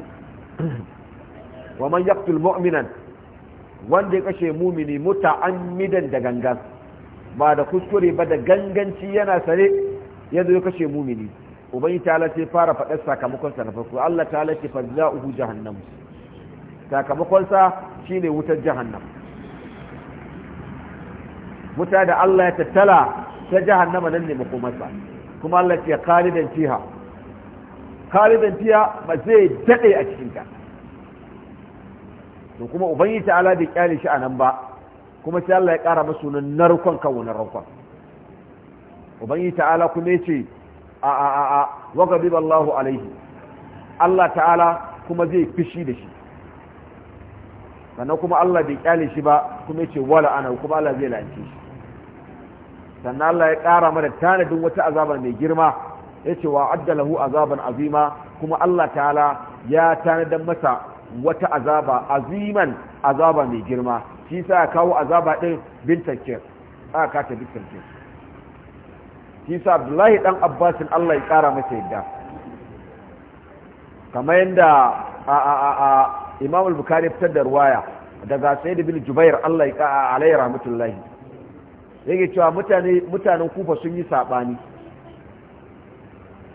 wa man yaqtul mu'minan wanda ya kashe mumini muta'ammidan da gangan ba da kuskure ba da ganganci yana sare yanzu ya kashe mumini ubangi ta ce fara faɗar sakamakonsa na farko Allah ta ce fa za'uhu jahannam sakamakonsa shine wutar jahannam wuta da Allah ya tattala ta jahannama nan ne makomarsa kuma Allah ya ce khalidan fiha khalidan fiha ba zai dade a cikin ta to kuma ubangiji ta'ala bai kyale shi a nan ba kuma sai Allah ya kara masa sunan narkon kan wannan rankon ubangiji ta'ala kuma yace a a a a wa ghadiba Allahu alaihi Allah ta'ala kuma zai fishi da shi sannan kuma Allah bai kyale shi ba kuma yace wala ana kuma Allah zai lance shi sannan Allah ya kara mana tanadin wata azaba mai girma yace wa addalahu azaban azima kuma Allah ta'ala ya tanadar masa wata azaba aziman azaba mai girma shi sa ya kawo azaba ɗin bin a aka kata bin shi sa abdullahi ɗan abbasin Allah ya ƙara masa yadda kamar yadda a a a a imam al-bukhari fitar da ruwaya daga da bin jubair Allah ya ka'a alayhi rahmatullahi yake cewa mutane mutanen kufa sun yi saɓani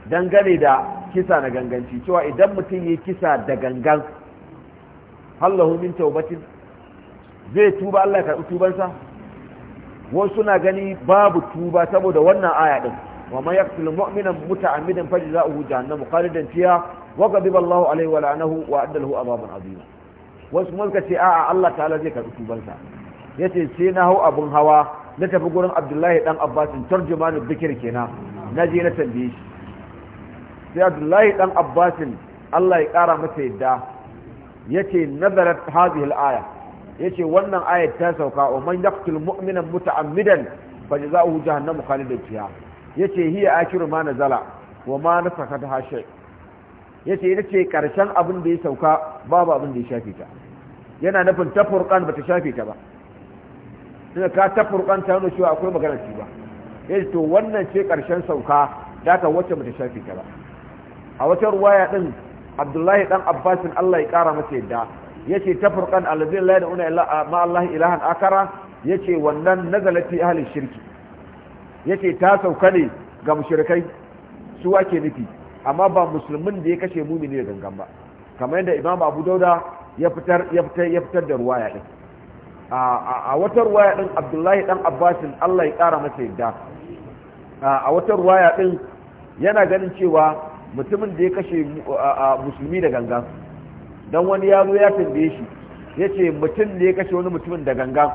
dangane da kisa na ganganci cewa idan mutum ya yi kisa da gangan hallahu min taubatin zai tuba Allah ya karɓi tubansa wasu suna gani babu tuba saboda wannan aya din wa man yaqtul mu'mina muta'ammidan fajza'uhu jahannamu khalidan fiha wa ghadiba Allahu alayhi wa la'anahu wa adda lahu azaban azima wasu mulka ce a'a Allah ta'ala zai karɓi tubansa yace sai na hau abun hawa na tafi gurin Abdullahi dan Abbas tarjumanu dhikr kenan naje na tambaye shi sai Abdullahi dan Abbas Allah ya kara masa yadda yace nazarat hadhihi al-aya yace wannan ayat ta sauka wa man yaqtul mu'mina muta'ammidan fajza'uhu jahannam khalidan fiha yace hiya akiru ma nazala wa ma nafakat hashi yace ita ce karshen abin da ya sauka babu abin da ya shafe ta yana nufin ta furqan bata shafe ta ba daga ka ta furqan ta nuna cewa akwai magana ci ba yace to wannan ce karshen sauka da ka wacce bata shafe ta ba a wata ruwaya din abdullahi dan abbasin allah ya kara masa yadda yace ta furqan alladhi la ilaha illa ma allah ilahan akara yace wannan nazalati ahli shirki yace ta sauka ne ga mushrikai su ake nufi amma ba musulmin da ya kashe mumini da gangan ba kamar yadda imam abu dauda ya fitar ya fitar ya fitar da ruwaya din a wata ruwaya din abdullahi dan abbasin allah ya kara masa yadda a wata ruwaya din yana ganin cewa mutumin da ya kashe musulmi da gangan don wani ya zo ya tambaye shi ya ce mutum da ya kashe wani mutumin da gangan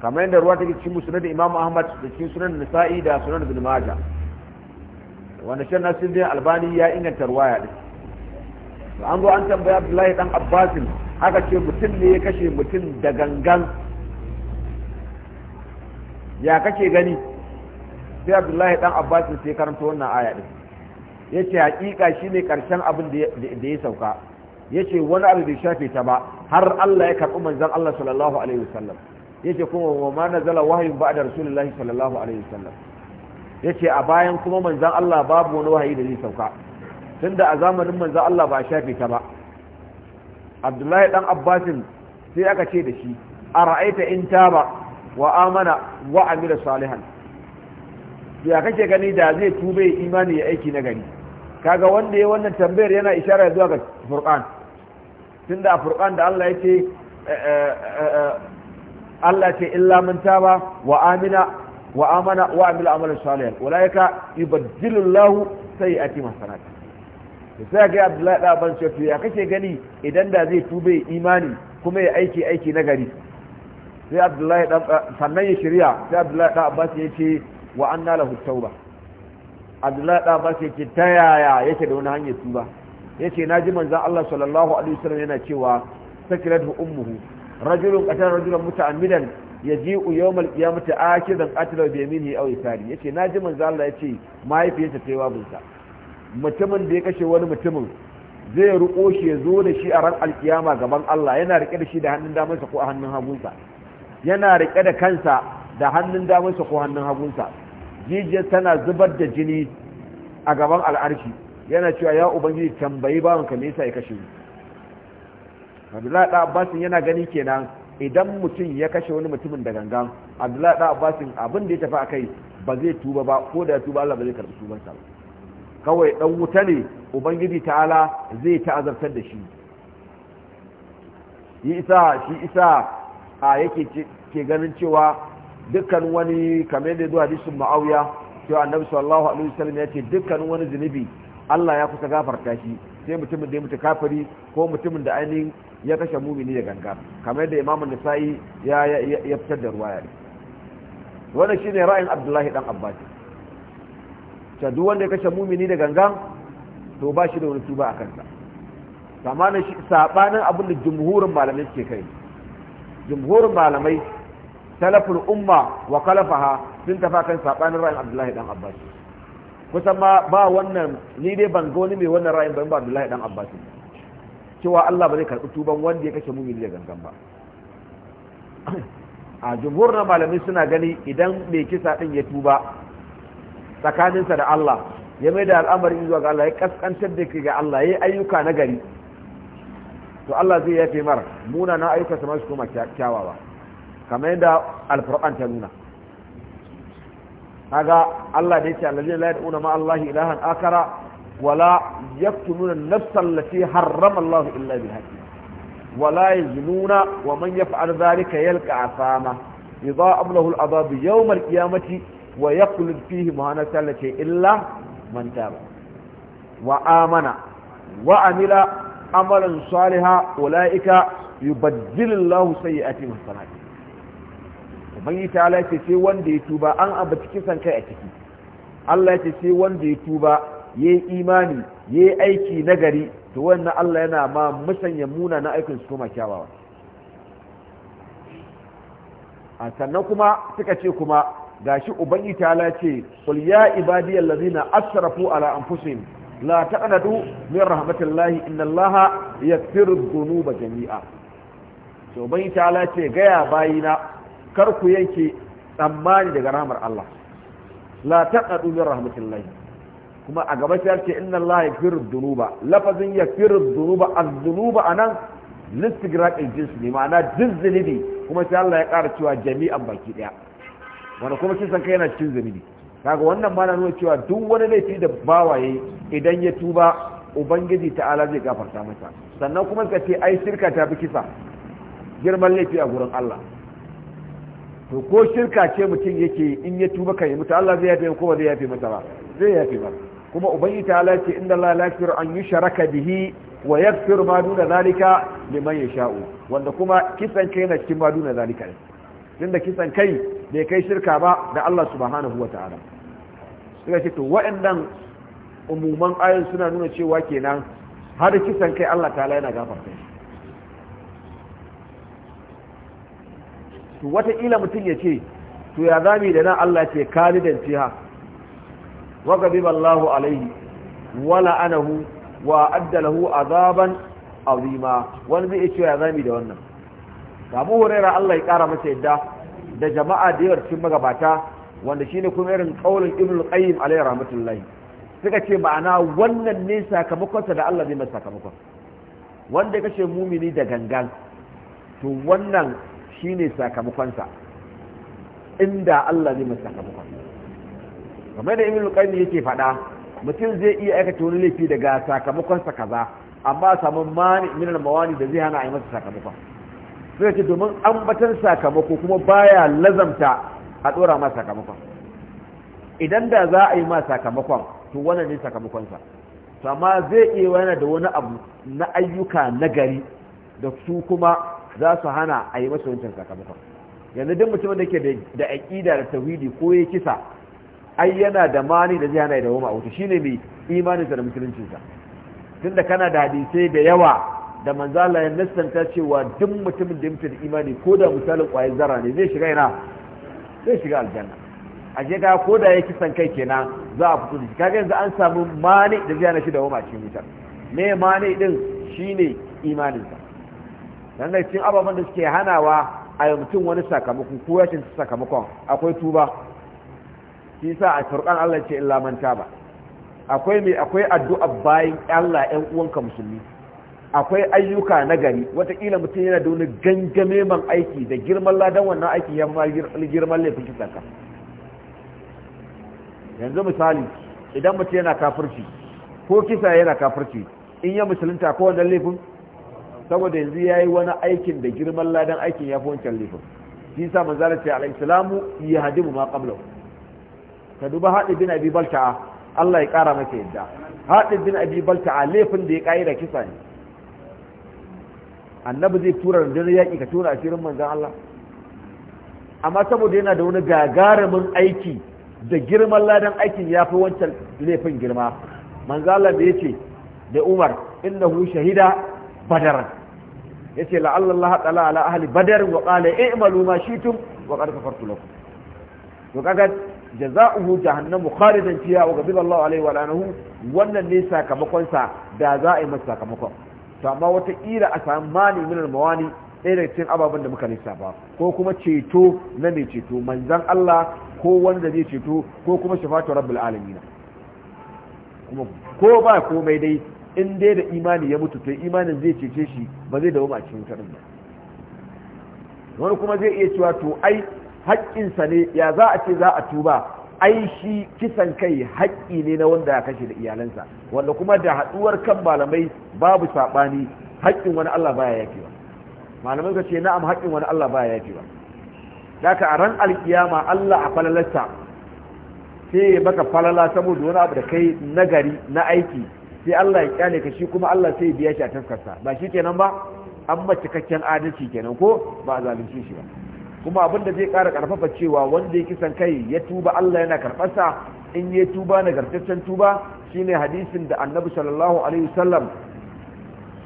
kamar yadda ruwa take cikin musulun da imam ahmad da cikin sunan nisa'i da sunan bin maja wanda shan nasir bin albani ya inganta ruwaya din to an zo an tambaya abdullahi dan abbasin haka ce mutum ne ya kashe mutum da gangan ya kake gani sai abdullahi dan abbasin sai karanta wannan aya din ya ce haƙiƙa shi ne ƙarshen abin da ya sauka ya ce wani abu ya shafe ta ba har Allah ya karɓi manzan Allah sallallahu alaihi wasallam ya ce kuma wa ma na zala wahayin ba da rasulullahi sallallahu alaihi wasallam ya ce a bayan kuma manzan Allah babu wani wahayi da zai sauka tun da a zamanin manzan Allah ba a shafe ta ba abdullahi dan abbasin sai aka ce da shi a ra'aita in taba wa amana wa amira salihan ya kake gani da zai tube imani ya aiki na gari kaga wanda ya wannan tambayar yana ishara zuwa ga furqan tunda a furqan da Allah yake eh, eh, eh, Allah ce illa man taba wa amina wa amana wa amila amalan salihan ulaika yubaddilu Allah sayyi'ati hasanat sai ga Abdullahi da ban ce ya kace gani idan da zai tube imani kuma ya aiki aiki na gari sai Abdullahi dan sannan ya shirya sai Abdullahi da Abbas ya ce wa anna lahu tauba abdullahi da ba sai ce ta yaya yake da wani hanyar tuba yace ji manzon Allah sallallahu alaihi wasallam yana cewa sakiratu ummuhu rajulun qatala rajulan muta'ammidan yaji'u yawmal qiyamati akidan qatala bi yaminihi aw yasari yace ji manzon Allah yace mahaifiyarsa ta yi wabinsa mutumin da ya kashe wani mutumin zai ruko shi ya zo da shi a ran alkiyama gaban Allah yana rike da shi da hannun damansa ko a hannun hagunsa yana rike da kansa da hannun damansa ko hannun hagunsa jijiyar tana zubar da jini a gaban al'arki yana cewa ya ubangiji tambayi ba me yasa ya kashe ni abdullahi da abbasin yana gani kenan idan mutum ya kashe wani mutumin da gangan abdullahi da abbasin abin da ya tafi akai ba zai tuba ba ko da ya tuba Allah ba zai karbi tubansa ba kawai dan wuta ne ubangiji ta'ala zai ta'azartar da shi yi isa shi isa a yake ke ganin cewa dukkan wani kamar da zuwa hadisun ma'auya cewa annabi sallallahu alaihi wasallam ya ce dukkan wani zunubi Allah ya kusa gafarta shi sai mutumin da ya mutu kafiri ko mutumin da ainihin ya kashe mumini da ganga kamar yadda Imam Nasa'i ya ya fitar da ruwaya ne wannan shine ra'ayin Abdullahi dan Abbas ta duk wanda ya kashe mumini da gangan to ba shi da wani tuba a kansa sabanin abin da jumhurin malamai suke kai jumhurin malamai Talafin umma wa kalafaha sun tafa kan sabanin ra'ayin abdullahi dan abbas kusan ma ba wannan ni dai ban ga wani mai wannan ra'ayin ban ba abdullahi dan abbas cewa Allah ba zai karɓi tuban wanda ya kashe mumini da gangan ba a jumhur na malamai suna gani idan mai kisa din ya tuba tsakaninsa da Allah ya mai da al'amarin zuwa ga Allah ya kaskantar da ke ga Allah ya yi ayyuka na gari to Allah zai yafe mara muna na ayyuka sama su koma kyawawa kamar yadda alfurqan ta nuna kaga Allah da yake allazi la yad'una ma Allah ilahan akara wala yaktumuna an-nafsa allati harrama Allah illa bil haqq wala yaznuna wa man yaf'al dhalika yalqa asama yudha'ab lahu al-'adab yawm al-qiyamati wa yaqlid fihi muhanata allati illa man ba. wa amana wa amila amalan salihan ulaika yubaddilu Allah sayyi'atihim hasanat yi ta Allah ce sai wanda ya tuba an cikin kisan kai a ciki Allah ya ce sai wanda ya tuba ya yi imani ya yi aiki nagari to wannan Allah yana ma musanya muna na aikin su koma kyawawa a sannan kuma suka ce kuma gashi ubangi ta Allah ce qul ya ibadiyal ladina asrafu ala anfusihim la taqnatu min rahmatillahi inna Allaha yaghfiru dhunuba jami'a to ubangi ta Allah ce gaya bayina kar ku yanke tsammani daga rahmar Allah la taqadu min rahmatillah kuma a gaba sai ce inna Allah yaghfiru dhunuba lafazin yaghfiru dhunuba az-dhunuba anan listigraq al-jins ne ma'ana jins kuma sai Allah ya ƙara cewa jami'an baki daya wanda kuma kisan kai yana cikin zunubi kaga wannan ma na nuna cewa duk wani laifi da bawaye idan ya tuba ubangiji ta'ala zai gafarta masa sannan kuma ka ce ai shirka ta bi kisa girman laifi a gurin Allah to ko shirka ce mutum yake in ya tuba kan yi mutu Allah zai yafe ko ba zai yafe masa ba zai yafe ba kuma ubangi ta Allah ce inda Allah la yakfir an yushraka bihi wa yakfir ma duna zalika liman yasha'u wanda kuma kisan kai na cikin ma duna zalika ne tunda kisan kai bai kai shirka ba da Allah subhanahu ta'ala sai ce to waɗannan umuman ayoyin suna nuna cewa kenan har kisan kai Allah ta'ala yana gafarta shi to wataƙila mutum ya ce to ya zami da nan Allah ce kalidan fiha wa ghadiba Allahu alaihi wa la'anahu wa addalahu azaban azima wani zai ce ya zami da wannan Abu Hurairah Allah ya kara masa yadda da jama'a da yawar cikin magabata wanda shine kuma irin kaulin ibnu qayyim alaihi rahmatullahi suka ce ma'ana wannan ne sakamakonsa da Allah zai masa sakamakon wanda kashe mumini da gangan to wannan shine sakamakonsa inda Allah zai masa sakamakon kamar da ibn da yake faɗa mutum zai iya aikata wani laifi daga sakamakonsa kaza amma samu mani min al-mawani da zai hana a yi masa sakamakon sai ce domin ambatan sakamako kuma baya lazamta a dora masa sakamakon idan da za a yi ma sakamakon to wannan ne sakamakonsa to amma zai iya yana da wani abu na ayyuka nagari da su kuma za su hana a yi masa wancan sakamakon yanzu duk mutumin da ke da aƙida da tawhidi ko ya kisa ai yana da mani da zai hana da goma a wuta shine mai imaninsa da musuluncinsa tunda kana da hadisai da yawa da manzo Allah ya nassanta cewa duk mutumin da yake da imani ko da misalin ƙwayar zara ne zai shiga ina zai shiga aljanna a je ka ko da ya kisan kai kenan za a fito da shi kaga yanzu an samu mani da zai hana shi da goma a cikin wuta me mani din shine imaninsa dan da cikin abubuwan da suke hanawa a yi mutum wani sakamako ko ya cinci sakamakon akwai tuba shi sa a turkan Allah ce illa man taba akwai mai akwai addu'a bayin Allah 'yan uwanka musulmi akwai ayyuka na gari watakila mutum yana da wani gangame man aiki da girman ladan wannan aiki ya ma girman laifin kisanka yanzu misali idan mutum yana kafirci ko kisa yana kafirci in ya musulunta ko wannan laifin saboda yanzu ya yi wani aikin da girman ladan aikin ya fi wancan lifin shi sa manzara ce islamu ya hadimu ma qablahu ka duba haɗi bin abi a Allah ya ƙara maka yadda haɗi bin abi a laifin da ya ƙayi da kisa ne annabi zai tura rundunar yaƙi ka tura asirin manzan Allah amma saboda yana da wani gagarumin aiki da girman ladan aikin ya fi wancan laifin girma manzan Allah da ya ce da Umar innahu shahida badaran yace la'alla Allah ta'ala ala ahli badar wa qala i'malu ma shi'tum wa qad kafartu lakum to kaga jaza'uhu jahannam khalidan fiha wa ghadiba Allah alaihi wa lanahu wannan ne sakamakon sa da za a yi masa sakamakon to amma wata ƙira a samu mani min al-mawani ɗaya daga cikin ababen da muka ba ko kuma ceto na mai ceto manzan Allah ko wanda zai ceto ko kuma shafatu rabbul alamin kuma ko ba komai dai in dai da imani ya mutu to imanin zai cece shi ba zai dawo ba cikin karin ba wani kuma zai iya cewa to ai haƙƙinsa ne ya za a ce za a tuba ai shi kisan kai haƙƙi ne na wanda ya kashe da iyalansa wanda kuma da haɗuwar kan malamai babu saɓani haƙƙin wani Allah baya yafi ba malamai ka ce na'am haƙƙin wani Allah baya yafi ba daga a ran alkiyama Allah a falalarsa sai ya baka falala saboda wani abu da kai nagari na aiki sai Allah ya kyale ka shi kuma Allah sai biya shi a taskarsa ba shi kenan ba an ba cikakken adalci kenan ko ba a zalunci shi ba kuma abin da zai kara karfafa cewa wanda ya kisan kai ya tuba Allah yana karɓarsa in ya tuba nagartaccen tuba shine hadisin da annabi sallallahu alaihi wasallam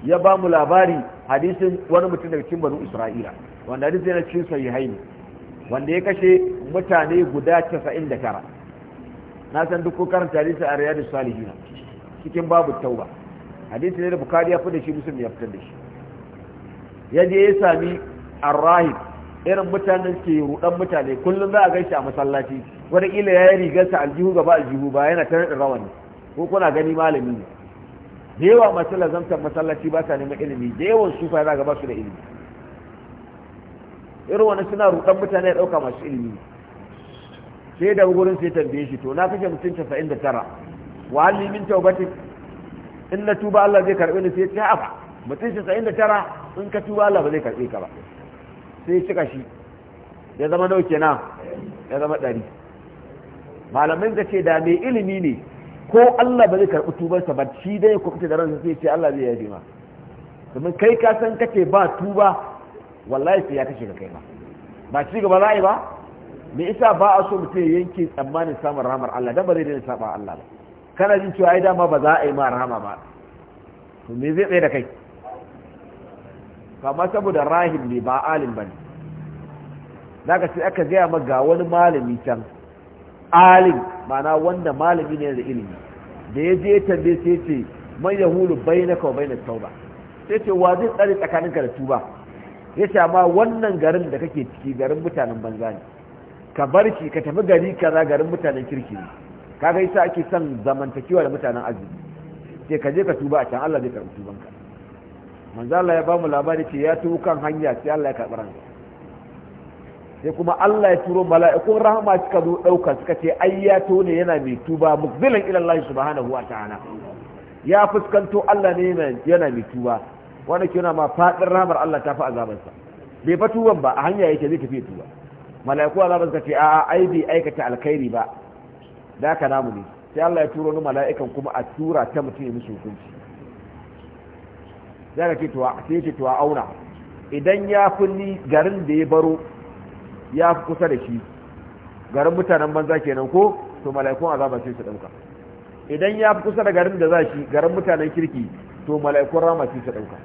ya ba mu labari hadisin wani mutum daga cikin banu isra'ila wanda hadisi yana cikin sahihaini wanda ya kashe mutane guda 99 na san duk ko karanta hadisi a riyadus salihin cikin babu tauba hadisi ne da bukari ya fi da shi musulmi ya fitar da shi ya je ya sami arrahim irin mutanen ke rudan mutane kullum za a gaishe a masallaci wani ila ya yi rigarsa aljihu gaba aljihu ba yana ta raɗin rawani ko kuna gani malami ne da yawa masu lazantar masallaci ba sa neman ilimi da yawan sufa za ga ba su da ilimi irin wani suna rudan mutane ya ɗauka masu ilimi sai da wurin sai tambaye shi to na kashe mutum 99 da tara wa halli min taubati in na tuba Allah zai karbe ni sai ce haba mutum sai da tara in ka tuba Allah ba zai karbe ka ba sai ya cika shi ya zama nau kenan ya zama dari, malamin ka ce da mai ilimi ne ko Allah ba zai karɓi tubarsa ba shi dai ku fita da ran sai ce Allah zai yaje ma domin kai ka san kace ba tuba wallahi sai ya kashe ka kai ma ba ci gaba za'i ba me isa ba a so mutum yanke tsammanin samun rahmar Allah dan ba zai daina saba Allah ba kana jin cewa ai dama ba za a yi ma rahama ba to me zai tsaye da kai kama saboda rahim ne ba alim ba ne za ka sai aka gaya ga wani malami can alim mana wanda malami ne da ilimi da ya je tambaye sai ce man ya hulu bai na kawai na tauba sai ce wa zai tsare ka da tuba ya ce amma wannan garin da kake ciki garin mutanen banza ne ka bar shi ka tafi gari kaza garin mutanen kirki ne kaga yasa ake son zamantakewa da mutanen arziki ce ka je ka tuba a can Allah zai karɓi tubanka manzo Allah ya bamu labari ce ya tuba kan hanya sai Allah ya karɓi ranka sai kuma Allah ya turo mala'ikun rahama suka zo ɗauka suka ce ai ya ne yana mai tuba mukbilan ila Allah subhanahu wa ta'ala ya fuskanto Allah ne yana mai tuba wanda ke yana ma fadin rahamar Allah ta fi azabansa bai fa tuban ba a hanya yake zai tafi tuba mala'iku ba suka ce a'a ai bai aikata alkhairi ba da ka namu ne sai Allah ya turo ni mala'ikan kuma a tura ta mutum ya musu hukunci ka ce tuwa sai ya ce tuwa auna idan ya kulli garin da ya baro ya fi kusa da shi garin mutanen banza kenan ko to mala'ikun azaba sai su dauka idan ya fi kusa da garin da za shi garin mutanen kirki to mala'ikun rama sai su dauka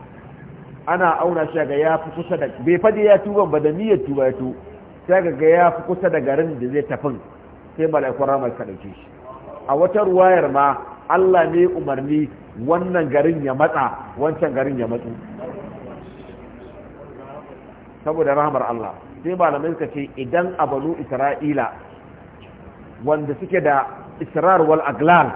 ana auna shi ga ya fi kusa da bai fadi ya tuban ba da niyyar tuba ya to sai ga ya fi kusa da garin da zai tafin sai mala'ikun rahama suka dauke shi a wata ruwayar ma Allah ne umarni wannan garin ya matsa wancan garin ya matsu saboda rahamar Allah sai malamai suka ce idan a banu isra'ila wanda suke da israr wal aglal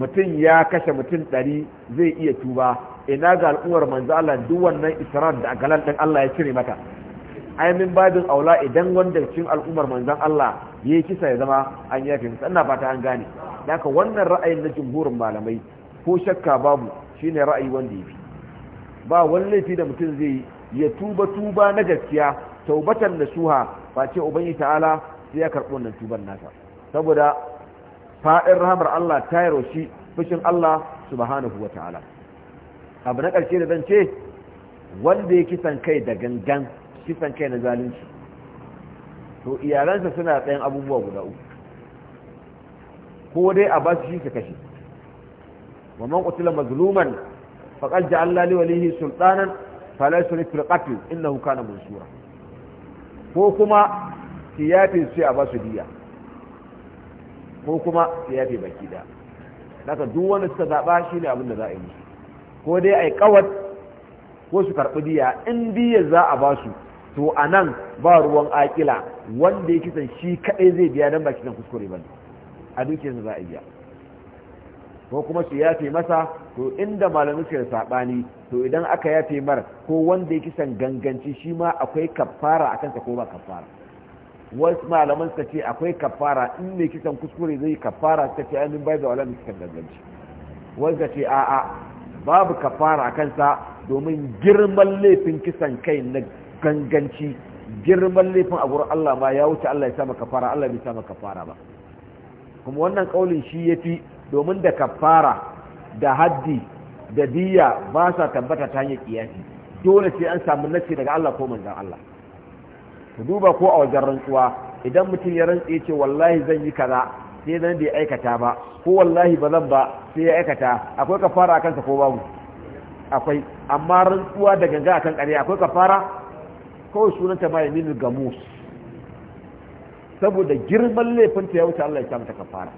mutum ya kashe mutum ɗari zai iya tuba ina ga al'ummar manzo Allah duk wannan israr da aglan din Allah ya cire mata ai min babin aula idan wanda cikin al'ummar manzon Allah ya yi kisa ya zama an yafe masa ina fata an gane haka wannan ra'ayin na jumhurin malamai ko shakka babu shine ra'ayi wanda yafi ba wani laifi da mutum zai ya tuba tuba na gaskiya taubatan nasuha face ubangi ta'ala sai ya karɓi wannan tuban nasa saboda fa'in rahamar Allah ta yaro shi fushin Allah subhanahu wa ta'ala abu na ƙarshe da zan ce wanda ya kisan kai da gangan kisan kai na zalunci to iyalansa suna tsayin abubuwa guda uku ko dai a ba su shi su kashe wa man qutila mazluman faqad ja'alna li walihi sultanan fala yusrif fil qatl innahu kana mansura ko kuma siyafi sai a ba su diya ko kuma siyafi baki da haka duk wanda suka zaba ne abin da za a yi musu ko dai ai kawat ko su karbi diya in diya za a ba su to a nan ba ruwan akila wanda ya kisan shi kaɗai zai biya nan ba kisan kuskure ba a dukiyarsa za a biya ko kuma su yafe masa to inda malamin suke da saɓani to idan aka yafe mar ko wanda ya kisan ganganci shi ma akwai kafara a kansa ko ba kafara wasu malaman suka ce akwai kafara in mai kisan kuskure zai kafara suka ce ainihin bai da wala mai kisan ganganci wanda ce a'a babu kafara a kansa domin girman laifin kisan kai na ganganci girman laifin a gurin Allah ma ya wuce Allah ya sa maka fara Allah bai sa maka fara ba kuma wannan kaulin shi ya yafi domin da kafara da haddi da biya ba sa tabbata ta hanyar kiyasi dole sai an samu nasi daga Allah ko manzon Allah ku duba ko a wajen rantsuwa idan mutum ya rantse ce wallahi zan yi kaza sai zan bai aikata ba ko wallahi ba zan ba sai ya aikata akwai kafara a kansa ko babu akwai amma rantsuwa da ganga akan ƙarya akwai kafara kawai sunanta ma yaminul gamus saboda girman laifinta ya wuce Allah ya samu ta kafara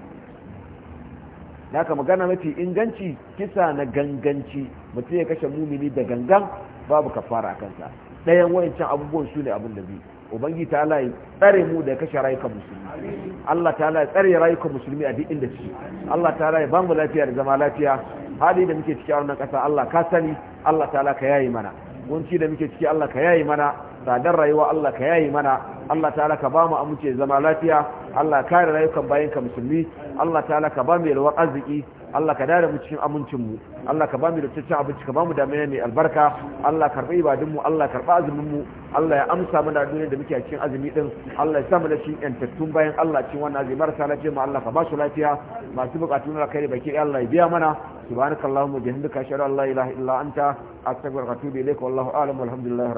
ka magana mafi inganci kisa na ganganci mutum ya kashe mumini da gangan babu kafara a kansa ɗayan wayancan abubuwan su ne abin da biyu ubangi ta Allah ya tsare mu da kashe rayuka musulmi Allah ta Allah ya tsare rayuka musulmi a duk inda ci Allah ta Allah ya bamu lafiya da zama lafiya hali da muke ciki a wannan ƙasa Allah ka sani Allah ta Allah ka yayi mana gunci da muke ciki Allah ka yayi mana tsadar rayuwa Allah ka yayi mana Allah ta'ala ka bamu amince zama lafiya Allah kare rayukan bayanka musulmi Allah ta'ala ka bamu yalwar arziki Allah ka dare mu cikin amincinmu Allah ka bamu da cikin abinci ka bamu da mai mai albarka Allah karbi ibadun Allah karba azuminmu Allah ya amsa mana duniyar da muke cikin azumi din Allah ya sa samu da shi yantattun bayan Allah cikin wannan azumi marasa lafiya ma Allah ka ba su lafiya masu bukatu na kai baki Allah ya biya mana subhanakallahumma wa bihamdika ashhadu an la ilaha illa anta astaghfiruka wa atubu ilaik wallahu a'lam walhamdulillah